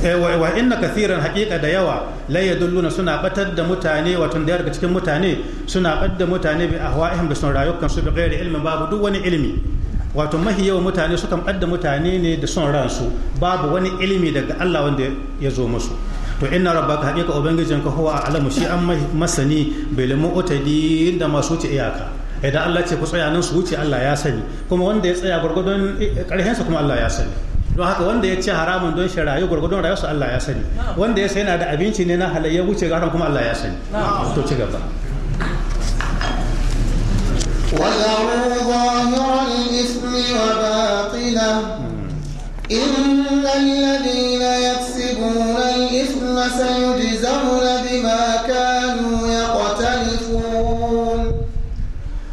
eh, wa inna kathiran haqiqa da yawa la yadulluna suna batar da mutane wato da daga cikin mutane suna batar da mutane bi ahwa'ihim da sun rayukan su bi ghairi ilmin babu duk wani ilimi wato mahi yawan mutane sukan ɓadda mutane ne da son ransu babu wani ilimi daga Allah wanda ya zo musu to inna rabbaka haqiqa ubangijinka huwa alamu shi an masani bai lamu utadi da masu wuce iyaka idan Allah ce ku tsaya nan su wuce Allah ya sani kuma wanda ya tsaya gwargwadon karhensa kuma Allah ya sani don haka wanda ya ce haramun don shi rayu gwargwadon rayuwarsa Allah ya sani wanda ya sai yana da abinci ne na halayya wuce garan kuma Allah ya sani to ci gaba وذروا ظاهر الإثم وباطنه إن الذين يكسبون الإثم سيجزون بما كانوا يقترفون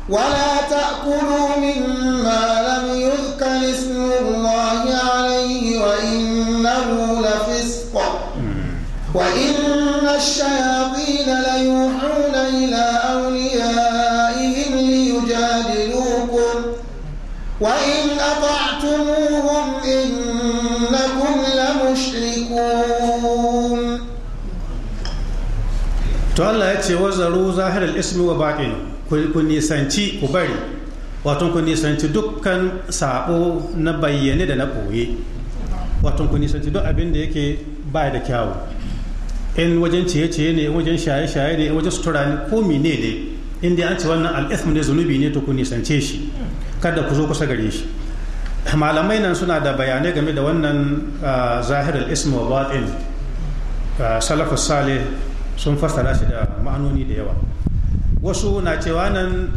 ولا تأكلوا مما لم يذكر اسم الله عليه وإنه لفسق وإن الشياطين to Allah ya ce wazaru zahirar ismi wa baƙin ku nisanci ku bari wato ku nisanci dukkan sabo na bayyane da na ɓoye wato ku nisanci duk abin da yake ba da kyawu in wajen ciye-ciye ne in wajen shaye-shaye ne in wajen sutura ne ko mine ne in dai an ce wannan alismi ne zunubi ne to ku nisance shi kada ku zo kusa gare shi malamai nan suna da bayanai game da wannan ah, zahirar ismi wa baƙin ah, salafus salih sun fassara shi da ma'anoni da yawa wasu na cewa nan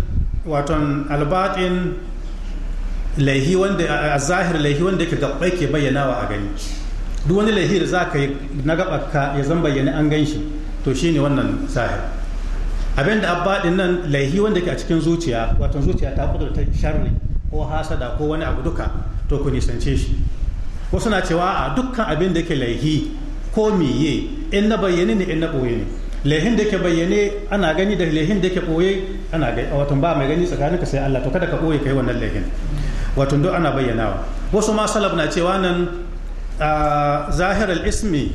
waton albatin laihi wanda a zahir laihi wanda yake gabbai ke bayyanawa a gani duk wani laihi da za ka yi na ka ya zan bayyana an gan shi to shi ne wannan zahir abinda abbaɗin nan laihi wanda ke a cikin zuciya waton zuciya ta ta sharri ko hasada ko wani abu duka to ku nisance shi wasu na cewa a dukkan abin da ke laihi ko miye in na bayyane ne in na ɓoye ne lehin da ke bayyane ana gani da lehin da ke ɓoye ana gani wato ba mai gani tsakaninka sai Allah to kada ka ɓoye kai wannan lehin wato duk ana bayyanawa wasu ma salaf na cewa nan zahirar ismi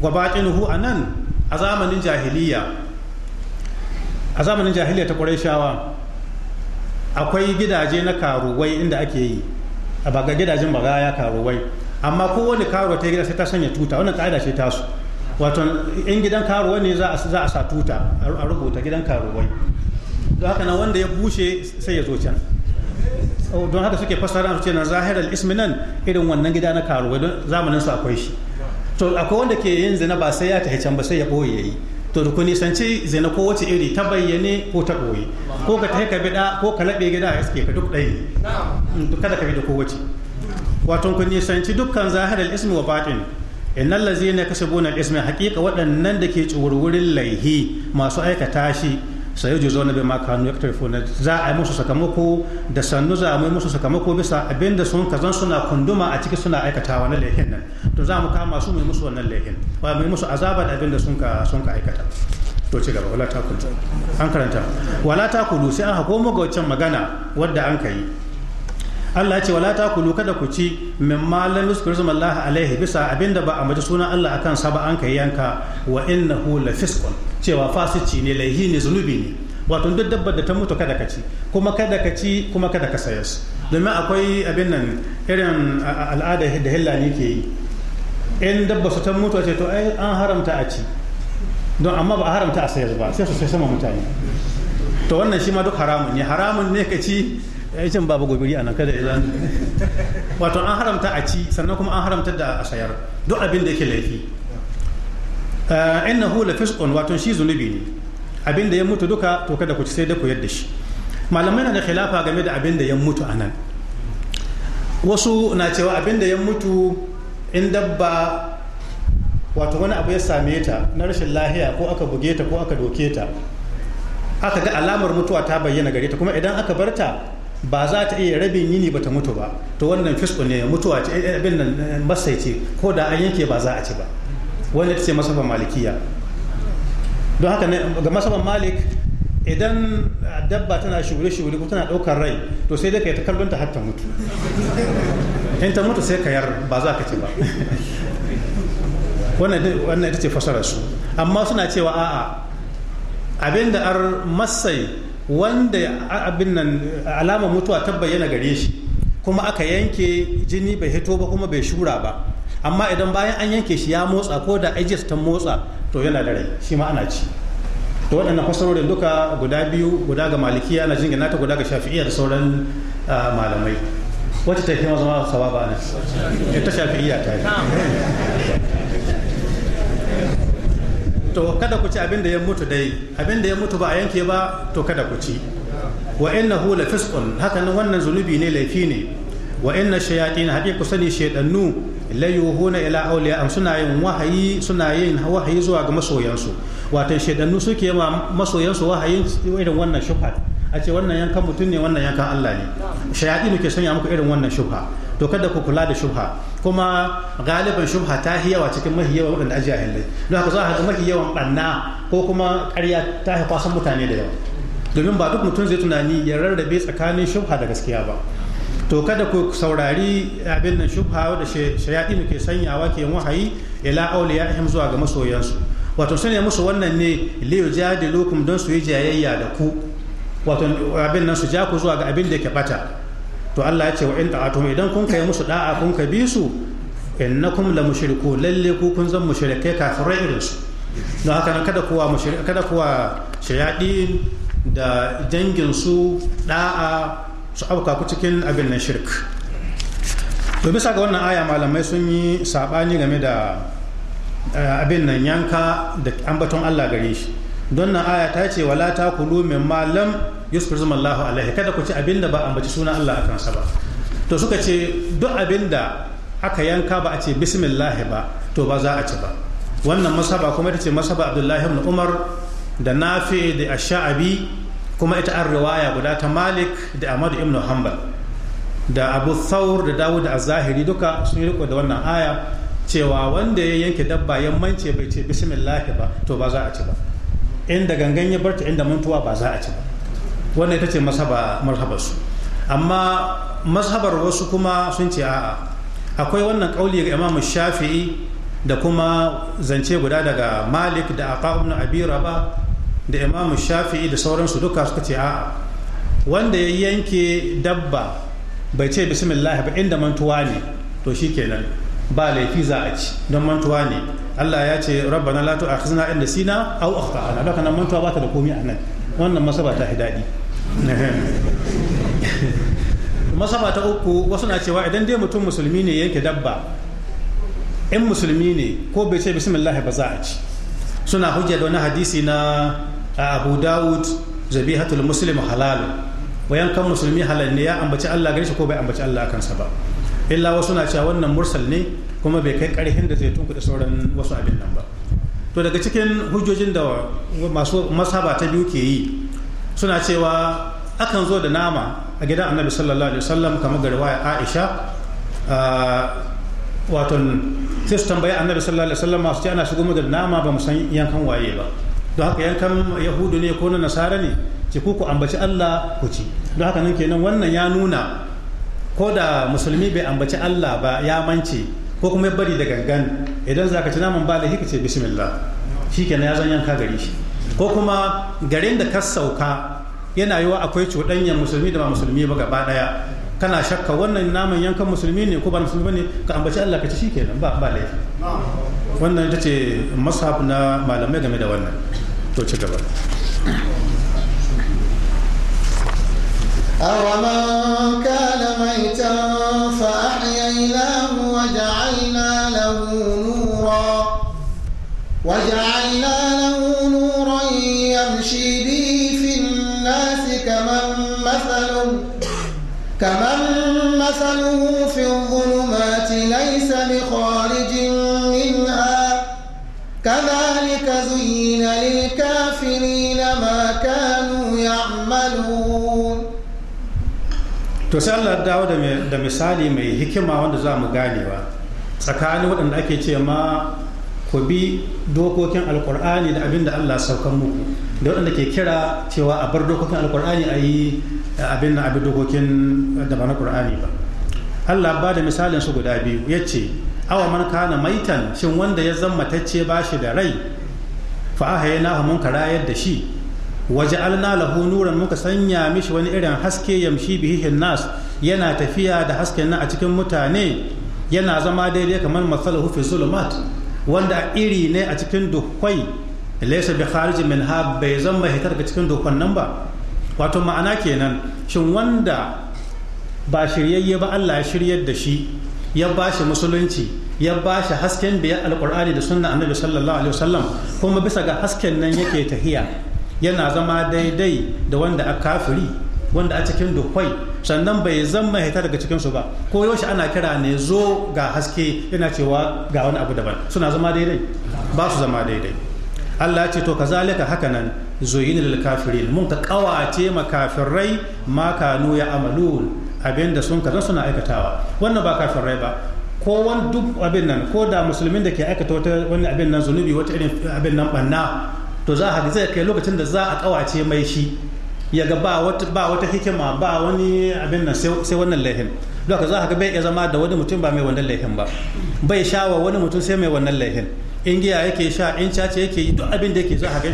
wa baqinuhu anan a zamanin jahiliya a zamanin jahiliya ta shawa akwai gidaje na karuwai inda ake yi a baga gidajen bagaya karuwai amma ko wani karo ta gida sai ta sanya tuta wannan ka'ida ce tasu wato in gidan karuwa ne za a sa tuta a rubuta gidan wai don haka nan wanda ya bushe sai ya zo can oh, don haka suke fassara su ce na zahirar isminan irin wannan gida na karuwai don zamanin su akwai shi to akwai wanda ke yin zina ba sai ya tafi can ba sai ya boye yayi to ku nisanci zina ko wace iri ta bayyane ko ta boye ko ka tafi ka bida ko ka labe gida a iske ka duk ɗaya kada ka bi da kowace. wato ku nisanci dukkan zahirar ismi wa batin innal ladzina kasabuna al-ismi haqiqa waɗannan da ke tsuwurwurin laihi masu aikata shi sai ji zo na bai maka hannu ya za a yi musu sakamako da sannu za a yi musu sakamako bisa abinda sun kazan suna kunduma a ciki suna aikatawa na laihin nan to za mu kama su mai musu wannan laihin ba mai musu azaba da abinda sun ka sun ka aikata to ci gaba wala ta an karanta wala sai an hako mu ga magana wadda an ka yi Allah ya ce wala takulu kada ku ci min malam yuskur Allah alaihi bisa abinda ba a maji sunan Allah akan sa ba an kai yanka wa innahu la fisqun cewa fasici ne laihi ne zunubi ne wato duk dabbar da ta mutu kada ka ci kuma kada ka ci kuma kada ka saya su domin akwai abin nan irin al'ada da ne ke yi in dabba su ta mutu a ce to ai an haramta a ci don amma ba a haramta a sayar ba sai su sai sama mutane to wannan shi ma duk haramun ne haramun ne ka ci ya eh, jin babu gobiri a nan kada ya wato an haramta a ci sannan kuma an haramta da a sayar duk abin da yake laifi eh, innahu la fisqun wato shi zunubi ne abin da ya mutu duka to kada ku ci sai da ku yadda shi malamai na da khilafa game da abin da ya mutu a wasu na cewa abin da ya mutu in dabba wato wani abu ya same ta na rashin lahiya ko aka buge ta ko aka doke ta aka ga alamar mutuwa ta bayyana gare ta kuma idan aka bar ta ba za ta iya rabin yini ba ta mutu ba to wannan fisko ne mutuwa ce eh, eh, abin nan eh, masai ce ko da an yanke ba za a ci ba wanda ta ce masafan malikiya don haka ga masafan malik idan dabba tana shugure-shugure ko tana daukar rai to sai dai ka yi ta kallon ta har ta mutu in ta mutu sai ka yar ba za ka ci ba (laughs) wannan ita ce fasarar su amma suna cewa a'a abinda ar masai wanda abin nan alama mutuwa ta bayyana gare shi kuma aka yanke jini bai hito ba kuma bai shura ba amma idan bayan an yanke shi ya motsa ko da aegis ta motsa to yana da rai shi ma ana ci to waɗannan fasarorin duka guda biyu guda ga malikiya na jingina ta guda ga shafi'iyya da sauran malamai wacce ta fi zama sawaba ne ta shafi'iyya ta yi to kada ku ci abin da ya mutu dai abin da ya mutu ba a yanke ba to kada ku ci wa hu la fisqun haka nan wannan zunubi ne laifi ne wa inna shayatin haƙi ku sani shaidannu la yuhuna ila awliya suna yin wahayi suna yin wahayi zuwa ga masoyansu wato shaidannu suke ma masoyansu wahayin irin wannan shufa a ce wannan yankan mutum ne wannan yankan Allah ne shayatin ke sanya muku irin wannan shufa to kada ku kula da shufa kuma galiban shubha ta yi yawa cikin mafi yawa waɗanda ajiya hillai don haka za a ga mafi yawan ɓanna ko kuma ƙarya ta haifa kwasan mutane da yawa domin ba duk mutum zai tunani ya rarrabe tsakanin shubha da gaskiya ba to kada ku saurari abin nan shubha da shayaɗi ke sanyawa ke yin wahayi ila auliya'ihim zuwa ga masoyansu wato sun yi musu wannan ne liyu jadilukum don su yi jayayya da ku wato abin nan su ja ku zuwa ga abin da ke bata to Allah ya ce wa in ta'atum idan kun kai musu da'a kun ka bi su innakum la mushriku lalle ku kun zan mushrike kafirai irin su don haka nan kada kuwa kada kuwa shayadi da dangin su da'a su abuka ku cikin abin nan shirk to bisa ga wannan aya malamai sun yi sabani game da eh, abin nan yanka da ambaton Allah gare shi don nan aya ta ce wala ta kulu min malam yusuf zumallahu alaihi kada ku ci abin ba ambaci suna Allah a kansa ba to suka ce duk abinda aka yanka ba a ce bismillahi ba to ba za a ci ba wannan masaba kuma ita ce masaba abdullahi ibn umar da nafi da sha'abi kuma ita an riwaya guda ta malik da ahmad ibn hanbal da abu thawr da dawud da zahiri duka sun riko da wannan aya cewa wanda ya yanke dabba yammanci bai ce bismillah ba to ba za a ci ba inda gangan ya barta inda mantuwa ba za a ci ba wannan ita ce mazhabar su amma mazhabar wasu kuma sun ce a'a akwai wannan kauli ga imam shafi'i da kuma zance guda daga malik da aka ibn Abira ba da imam shafi'i da sauransu duka suka ce a'a wanda ya yanke dabba bai ce bismillah ba inda mantuwa ne to shikenan ba laifi za a ci don mantuwa ne Allah ya ce rabbana la tu'akhizna in nasina aw akhtana da nan mantuwa ba ta da komai anan wannan masaba ta hidadi (laughs) masaba ta uku wasu na cewa idan dai mutum musulmi ne yanke dabba in musulmi ne ko bai ce bismillah ba za a ci suna hujja da wani hadisi na Abu Dawud zabihatul muslim halal wayan kan musulmi halal ne ya ambaci Allah gare shi ko bai ambaci Allah kansa ba illa wasu na cewa wannan mursal ne kuma bai kai karhin da zai da sauran wasu abin nan ba to daga cikin hujjojin da masu masaba ta biyu ke yi suna cewa akan zo da nama a gidan annabi sallallahu alaihi wasallam kamar ga riwaya aisha wato sai su tambayi annabi sallallahu alaihi wasallam masu ce ana shigo mu da nama ba mu san yankan waye ba don haka yankan yahudu ne ko na nasara ne ce ku ku ambaci Allah ku ci don haka nan kenan wannan ya nuna ko da musulmi bai ambaci Allah ba ya mance ko kuma ya bari da gangan idan za ka ci naman ba laifi ka ce bismillah shi na ya zan yanka gari shi ko kuma garin da ka sauka yana yiwa akwai cuɗanyar musulmi da ba musulmi ba gaba ɗaya kana shakka wannan naman yankan musulmi ne ko ba musulmi ba ne ka ambaci Allah ka ci shi kenan ba ba laifi wannan ita ce mashaf na malamai game da wannan to ci gaba أَوَمَنْ كَانَ مَيْتًا فَأَحْيَيْنَاهُ وَجَعَلْنَا لَهُ نُورًا وَجَعَلْنَا لَهُ نُورًا يَمْشِي بِهِ فِي النَّاسِ كَمَنْ مَثَلُهُ كَمَنْ مَثَلُهُ فِي الظُّلُمَاتِ لَيْسَ بِخَارِجٍ مِنْهَا كَذَلِكَ زُيِّنَ لِلْكَافِرِينَ مَا كَانُوا يَعْمَلُونَ to sai Allah dawo da misali mai hikima wanda za mu ganewa tsakanin waɗanda ake ce ma ku bi dokokin alkur'ani da abin da Allah saukan muku da waɗanda ke kira cewa a bar dokokin alkur'ani a yi abin da abin dokokin da ba na kur'ani ba Allah ba da misalin su guda biyu ya ce awa man kana maitan shin wanda ya zama tacce ba shi da rai fa na mun karayar da shi waja'alna lahu nuran muka sanya mishi wani irin haske yamshi bihi nas yana tafiya da hasken nan a cikin mutane yana zama daidai kamar masalahu fi zulumat wanda iri ne a cikin dukwai laysa bi kharij min ha bai zama hitar ga cikin dukwan nan ba wato ma'ana kenan shin wanda ba shiryayye ba Allah ya shiryar da shi ya bashi musulunci ya bashi hasken biya alqur'ani da sunna annabi sallallahu alaihi wasallam kuma bisa ga hasken nan yake tahiya yana zama daidai da wanda a kafiri wanda a cikin dukwai sannan bai zama hita daga cikinsu ba ko yaushe ana kira ne zo ga haske yana cewa ga wani abu daban suna zama daidai ba su zama daidai Allah ce to kazalika haka nan zoyin lil kafirin mun ka kawace makafirai ma ya amalun abinda sun kazan suna aikatawa wannan ba kafirai ba ko wani duk abin nan ko da musulmin da ke aikata wani abin nan zunubi wata irin abin nan banna to za a zai kai lokacin da za a kawace mai shi ya ga ba wata ba wata hikima ba wani abin nan sai wannan laihin don za a ga bai zama da wani mutum ba mai wannan laifin ba bai sha wa wani mutum sai mai wannan laifin in giya yake sha in cace yake yi duk abin da yake za a ga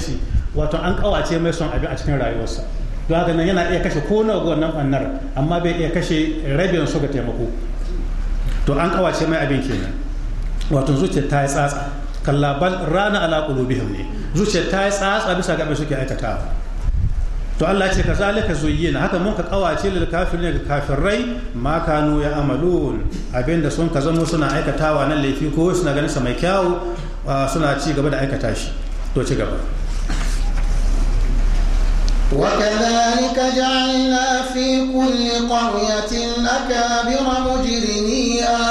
wato an kawace mai son abin a cikin rayuwarsa don haka nan yana iya kashe ko nawa ga wannan fannar amma bai iya kashe rabin su ga taimako to an kawace mai abin kenan wato zuciya ta yi tsatsa kalla rana ala qulubihim ne zuciya ta yi tsatsa bisa ga abin suke aikata to Allah ce ka kazalika zuyyina haka mun ka kawace lil kafirin ga kafirai ma kanu ya amalun abinda sun ka zamo suna aikatawa nan laifi ko suna ganin sa mai kyau suna ci gaba da aikata shi to ci gaba وكذلك جعلنا في كل قرية أكابر مجرميها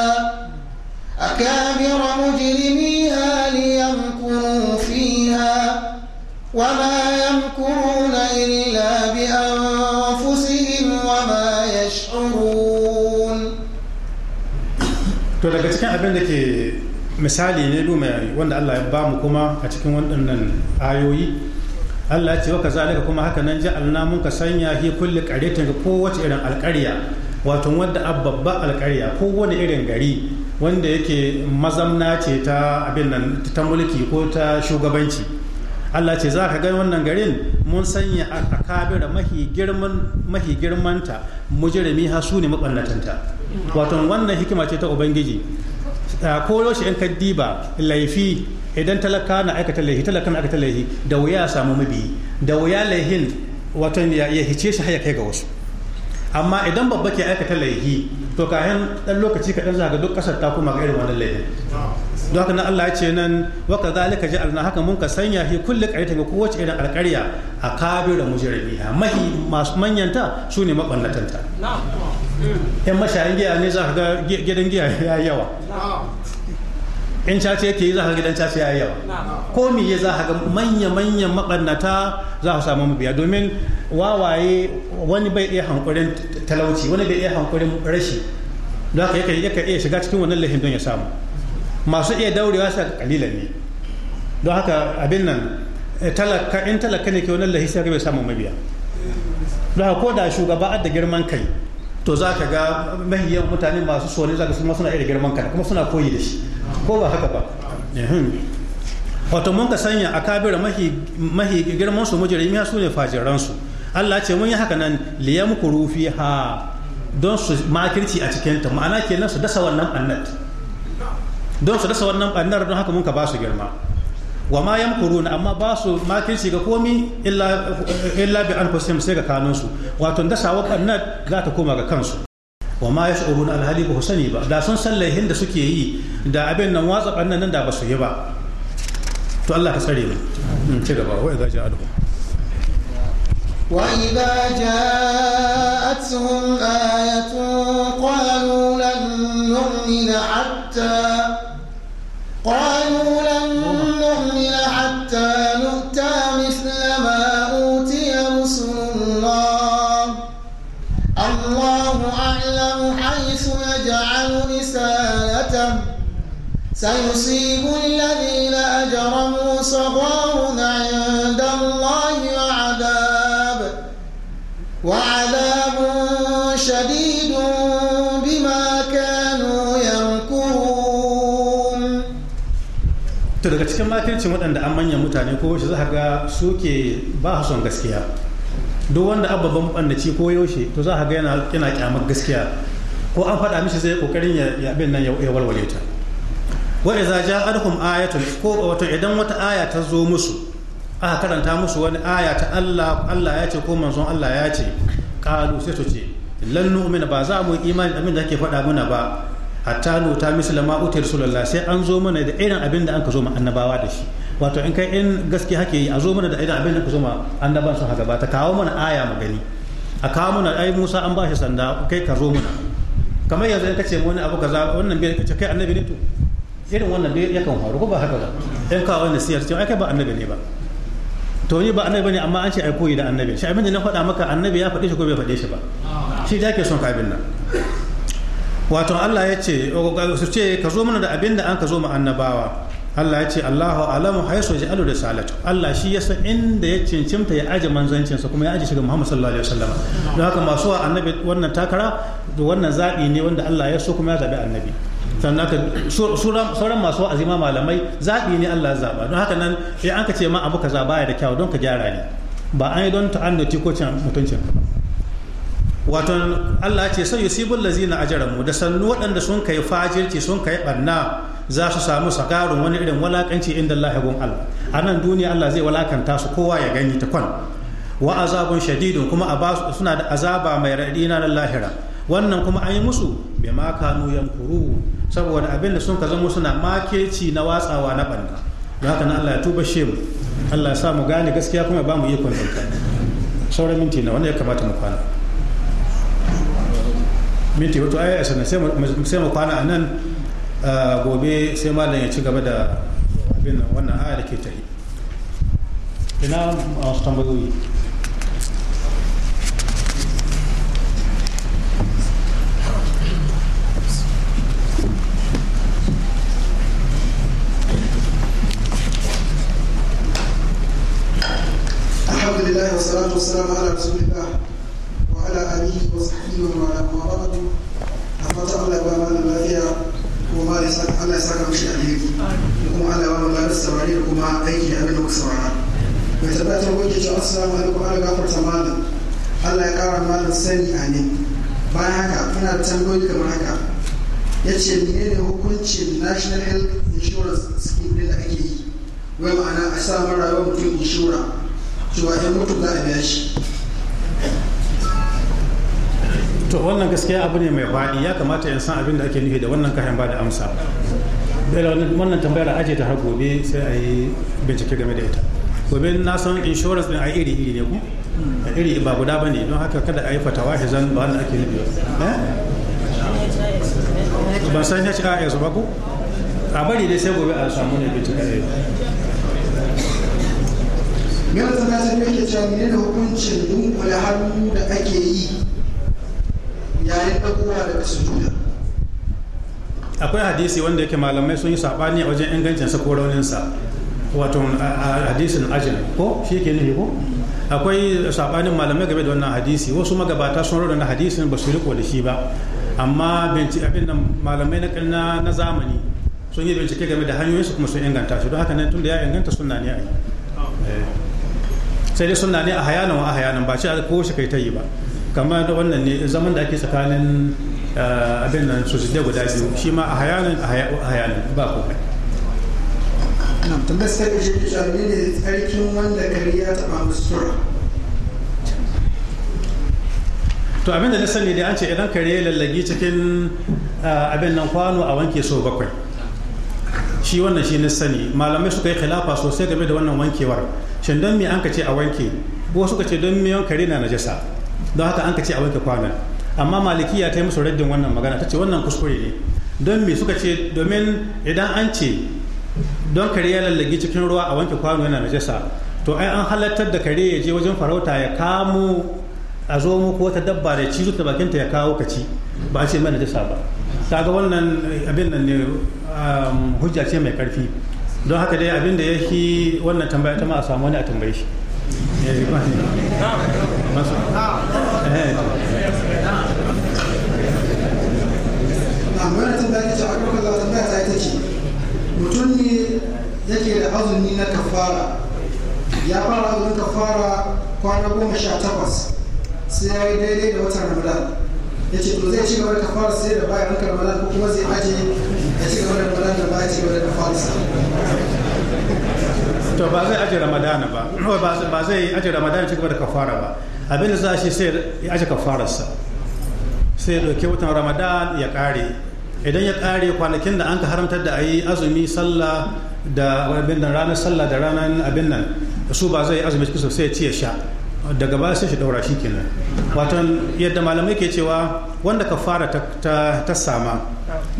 أكابر مجرميها ليمكروا فيها وما يمكرون إلا بأنفسهم وما يشعرون to daga cikin abin da ke misali ne lume wanda Allah ya bamu kuma a cikin waɗannan ayoyi Allah ce waka zalika kuma haka nan ji mun ka sanya hi kulli qaryatin ko wace irin alƙarya wato wanda abba alƙarya ko irin gari wanda yake mazamna ce ta abin nan ta mulki ko ta shugabanci Allah ce za ka ga wannan garin mun sanya a kabira mahi girman mahi girmanta mujrimi ha su ne maballatanta wato wannan hikima ce ta ubangiji ko yaushe in diba laifi idan talaka na aikata laifi talaka na aikata laifi da wuya ya samu mabiyi da wuya laihin wato ya hice shi har kai ga wasu amma idan babba ke aikata laihi to kayan dan lokaci kaɗan za ga duk kasar ta kuma ga irin wannan laifin don haka nan Allah ya ce nan wa ka zalika ja'alna haka mun ka sanya hi kulli qaryatin ga kowace irin alƙarya a kabira mujarrabiha mahi masu manyanta su ne mabannatanta yan mashayin giya ne za ka ga gidan giya ya yawa in caca yake yi za a ga dan ya yi yawa ko mi ya za a ga manya manyan mabannata za a samu mabiya domin wawaye wani bai iya hankurin talauci wani bai iya hankurin rashi don haka yakan iya shiga cikin wannan lahin don ya samu masu iya daurewa su kalilan ne don haka abin nan eh, talaka in talaka ne ke wannan lahi sai bai samu mabiya don haka ko da shugaba da girman kai to za ka ga mahiyan mutane masu so ne za ka suna iya girman kai kuma suna koyi da shi ko ba haka ba wato mun ka sanya a kabira mahi girman su mujrimiya su ne fajiran su Allah ce mun yi haka nan liyam kurufi ha don su makirci a cikin ta ma'ana kenan su dasa wannan annat don su dasa wannan annar don haka mun ka ba su girma wa ma yamkuruna amma ba su makirci ga komi illa bi anfusihim sai ga kanunsu wato wa annat za ta koma ga kansu wa ma ya yash'uruna alhali ba sani ba da sun san laihin da suke yi da abin nan watsa bannan nan da ba su yi ba to Allah ka tsare mu in mm, ci gaba wa idza ja'alhum wa idza ja'atuhum ayatun qalu lan nu'mina hatta qalu lan nu'mina hatta nu'mina سيصيب الذين أجرموا صغار عند الله وعذاب وعذاب شديد بما كانوا يمكرون to daga cikin makircin waɗanda an manya mutane ko yaushe za ga suke ba son gaskiya duk wanda ababen ɓannaci ko yaushe to za ga yana kyamar gaskiya ko an faɗa mishi zai ƙoƙarin ya abin nan ya walwale ta za ja arhum ayatun ko wato idan wata aya ta zo musu aka karanta musu wani aya ta Allah Allah ya ce ko manzon Allah ya ce qalu sai to ce lan nu'mina ba za mu imani abin da ake faɗa muna ba hatta ta misla ma uti rasulullah sai an zo mana da irin abin da an ka zo mu annabawa da shi wato in kai in gaske hake yi a zo mana da irin abin da ka zo mu annaban sun haka ba ta kawo mana aya mu gani a kawo mana ai Musa an ba shi sanda kai ka zo mana kamar yanzu in ka ce wani abu kaza wannan bai ka ce kai annabi ne to irin wannan dai yakan faru ko ba haka ba in kawo wani siyar cewa ai ba annabi ne ba to ni ba annabi ne amma an ce ai koyi da annabi shi abin da na faɗa maka annabi ya faɗe shi ko bai faɗe shi ba shi da ke son kabin nan wato Allah ya ce su ce ka zo mana da abin da an ka zo ma annabawa Allah ya ce Allahu alamu haisu ji alu risalatu Allah shi ya san inda ya cincimta ya aje manzancin sa kuma ya aje shiga Muhammad sallallahu alaihi wasallam don haka masu annabi wannan takara wannan zabi ne wanda Allah ya so kuma ya zabi annabi sannan ka sauran masu azima malamai zaɓi ne Allah zaɓa don haka nan sai an ka ce ma abu kaza baya da kyau don ka gyara ne ba an yi don ta'annuti ko cin mutuncin wato Allah ce sai yusibul lazina ajramu da sannu waɗanda sun kai fajirci sun kai barna za su samu sakarun wani irin walakanci inda Allah gun Allah a nan duniya Allah zai walakanta su kowa ya gani ta kwan wa azabun shadidun kuma suna da azaba mai raɗi na lahira wannan kuma an yi musu bai ma kanu kuru saboda abin da sun ka zama suna makeci na watsawa na banda don haka na Allah ya tuba shi mu Allah ya sa mu gane gaskiya kuma ba mu ikon dauka sauran minti na wanda ya kamata mu kwana minti wato ai a sanar sai mu kwana a nan gobe sai malam ya ci gaba da abin wannan aya da ke tahi ina masu tambayoyi لله والصلاة والسلام على رسول الله وعلى آله وصحبه ومن والاه أما بعد أفات الله بابا الذي وما يسأل الله يسألك مش أهلي وكما على بابا الله السواري وكما أيدي أبن وكسوانا ويتبعت الوجه السلام عليكم على غفر تماما Allah ya kara malam sani a ne bayan haka muna da tambayoyi kamar haka ya ce menene hukuncin national health insurance scheme da ake yi wai ma'ana a sa mara yawan mutum inshura cewa yan mutum za a biya shi to wannan gaskiya abu ne mai faɗi ya kamata yin san abin da ake nufi da wannan kayan ba da amsa wannan tambayar a ajiye ta har gobe sai a yi bincike game da ita gobe na san insurance din a iri iri ne ku a iri ba guda ba ne don haka kada a yi fatawa zan ba wanda ake nufi ba eh? ban san hrs ba ku a bari dai sai gobe a samu ne bincike mai wata ta sai yake da hukuncin dunkule hannu da ake yi yayin dagowa daga sujuda akwai hadisi wanda yake malamai sun yi sabani a wajen ingancinsa ko rauninsa wato hadisin ajin ko shi ke nufi ko akwai sabanin malamai game da wannan hadisi wasu magabata sun na hadisin ba su riko da shi ba amma abin da malamai na na zamani sun yi bincike game da hanyoyinsu kuma sun inganta shi don haka nan tun da ya inganta suna ne a yi ah. eh. sai dai suna ne a hayanan wa a hayanan ba ce ko shi kai ta yi ba kamar wannan ne zaman da ake tsakanin eh, abin nan su guda biyu shi ma a hayanan a hayanan ba komai tambayar sai shi jami ne tsarkin wanda gari ya taba musura to abin da na sani da an ce idan kare lallagi cikin eh, abin nan kwano a wanke so bakwai shi wannan shi na sani malamai suka yi khilafa sosai game da wannan wankewar shin don me an ka ce a wanke ko suka ce don me kare na najasa don haka an ka ce a wanke kwanan amma malikiya ta yi musu raddin wannan magana ta ce wannan kuskure ne don me suka ce domin idan an ce don kare ya lallage cikin ruwa a wanke kwano yana najasa to ai an halartar da kare ya je wajen farauta ya kamo a zo muku wata dabba da ci ta bakinta ya kawo kaci ba a ce mai najasa ba ta ga wannan abin nan ne Um, hujja ce mai karfi don haka dai abin da ya shi wannan tambaya ta ma a samu wani a tambaye shi eh, mutum ne yake da azumi na kafara ya fara azumin kafara kwana goma sha takwas sai ya yi daidai da watan ramadan ya ce to zai ci gaba da kafara sai da bayan ranka ramadan ko kuma zai aje ya ci gaba da ramadan da bayan ci gaba da sa. to ba zai aje ramadana ba ba zai aje ramadana ci gaba da kafara ba abin da za a shi sai ya aje kafararsa sai ya ɗauki watan ramadan ya ƙare idan ya ƙare kwanakin da an ka haramtar da a yi azumi sallah da abin nan ranar sallah da ranar abin nan su ba zai azumi cikin sosai ya ci ya sha daga baya sai shi daura shi kenan watan yadda malamai ke cewa wanda ka fara ta, sama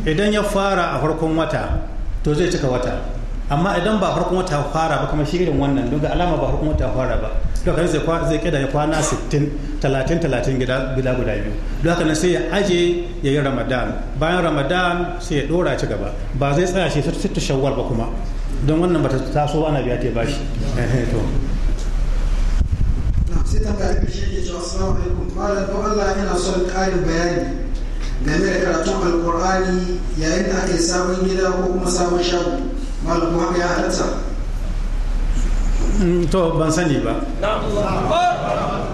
idan ya fara a farkon wata to zai cika wata amma idan ba farkon wata fara ba kuma shirin wannan don alama ba farkon wata fara ba duk haka zai zai kida ya kwana 60 30 30 gida guda biyu don haka sai ya aje ya yi ramadan bayan ramadan sai ya dora ci gaba ba zai tsaya shi ta shawwar ba kuma don wannan ba ta taso ana biya ta bashi (laughs) eh, to tambaya ta shi ke cewa assalamu alaikum malam don Allah ina son ƙarin bayani game da karatun alƙur'ani yayin da aka yi sabon gida ko kuma sabon shago malam ko haka ya halatta mm, to ban sani ba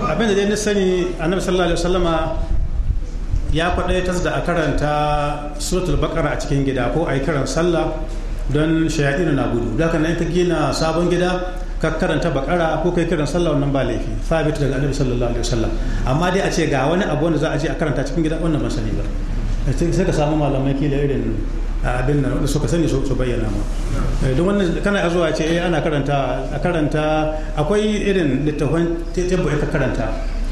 abinda dai na sani annabi sallallahu alaihi wasallama ya kwadaitar da a karanta suratul baqara a cikin gida ko a yi karan sallah don shayadinu na gudu da haka nan ka gina sabon gida ka karanta bakara ko kai kiran sallah wannan ba laifi sabit daga annabi sallallahu alaihi wasallam amma dai a ce ga wani abu wanda za a je a karanta cikin gida wannan ban sani ba eh, sai ka samu malamai kila irin abin nan wanda suka sani su bayyana ma eh, don wannan kana zuwa ce eh ana karanta a karanta akwai irin littafan tebo ka karanta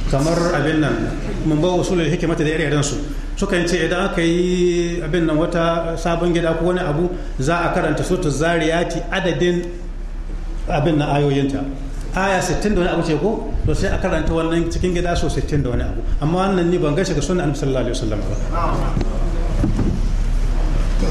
kamar abin nan mun ba usulul hikimata da irin su sukan ce idan aka yi abin nan wata sabon gida ko wani abu za a karanta sutu zariyati adadin abin na ayoyinta aya 60 da wani abu ce ko to sai a karanta wannan cikin gida so 60 da wani abu amma wannan ni ban gashi ga sunan annabi sallallahu alaihi wasallam ba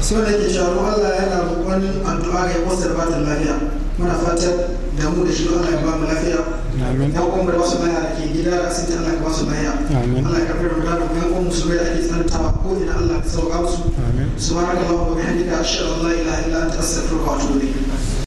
sau da ke sharu Allah yana roƙon addu'a ga yawan sarbatar lafiya muna fatan da mu da shi Allah ya ba mu lafiya amin ya kuma da wasu baya da ke gida da asibiti Allah ya ba su baya amin Allah ya kafir da mu yan uwan musulmai da ake tsantawa ko ina Allah ya sauka musu amin subhanallahi wa bihamdihi ashhadu an la ilaha illa anta astaghfiruka wa atubu ilayk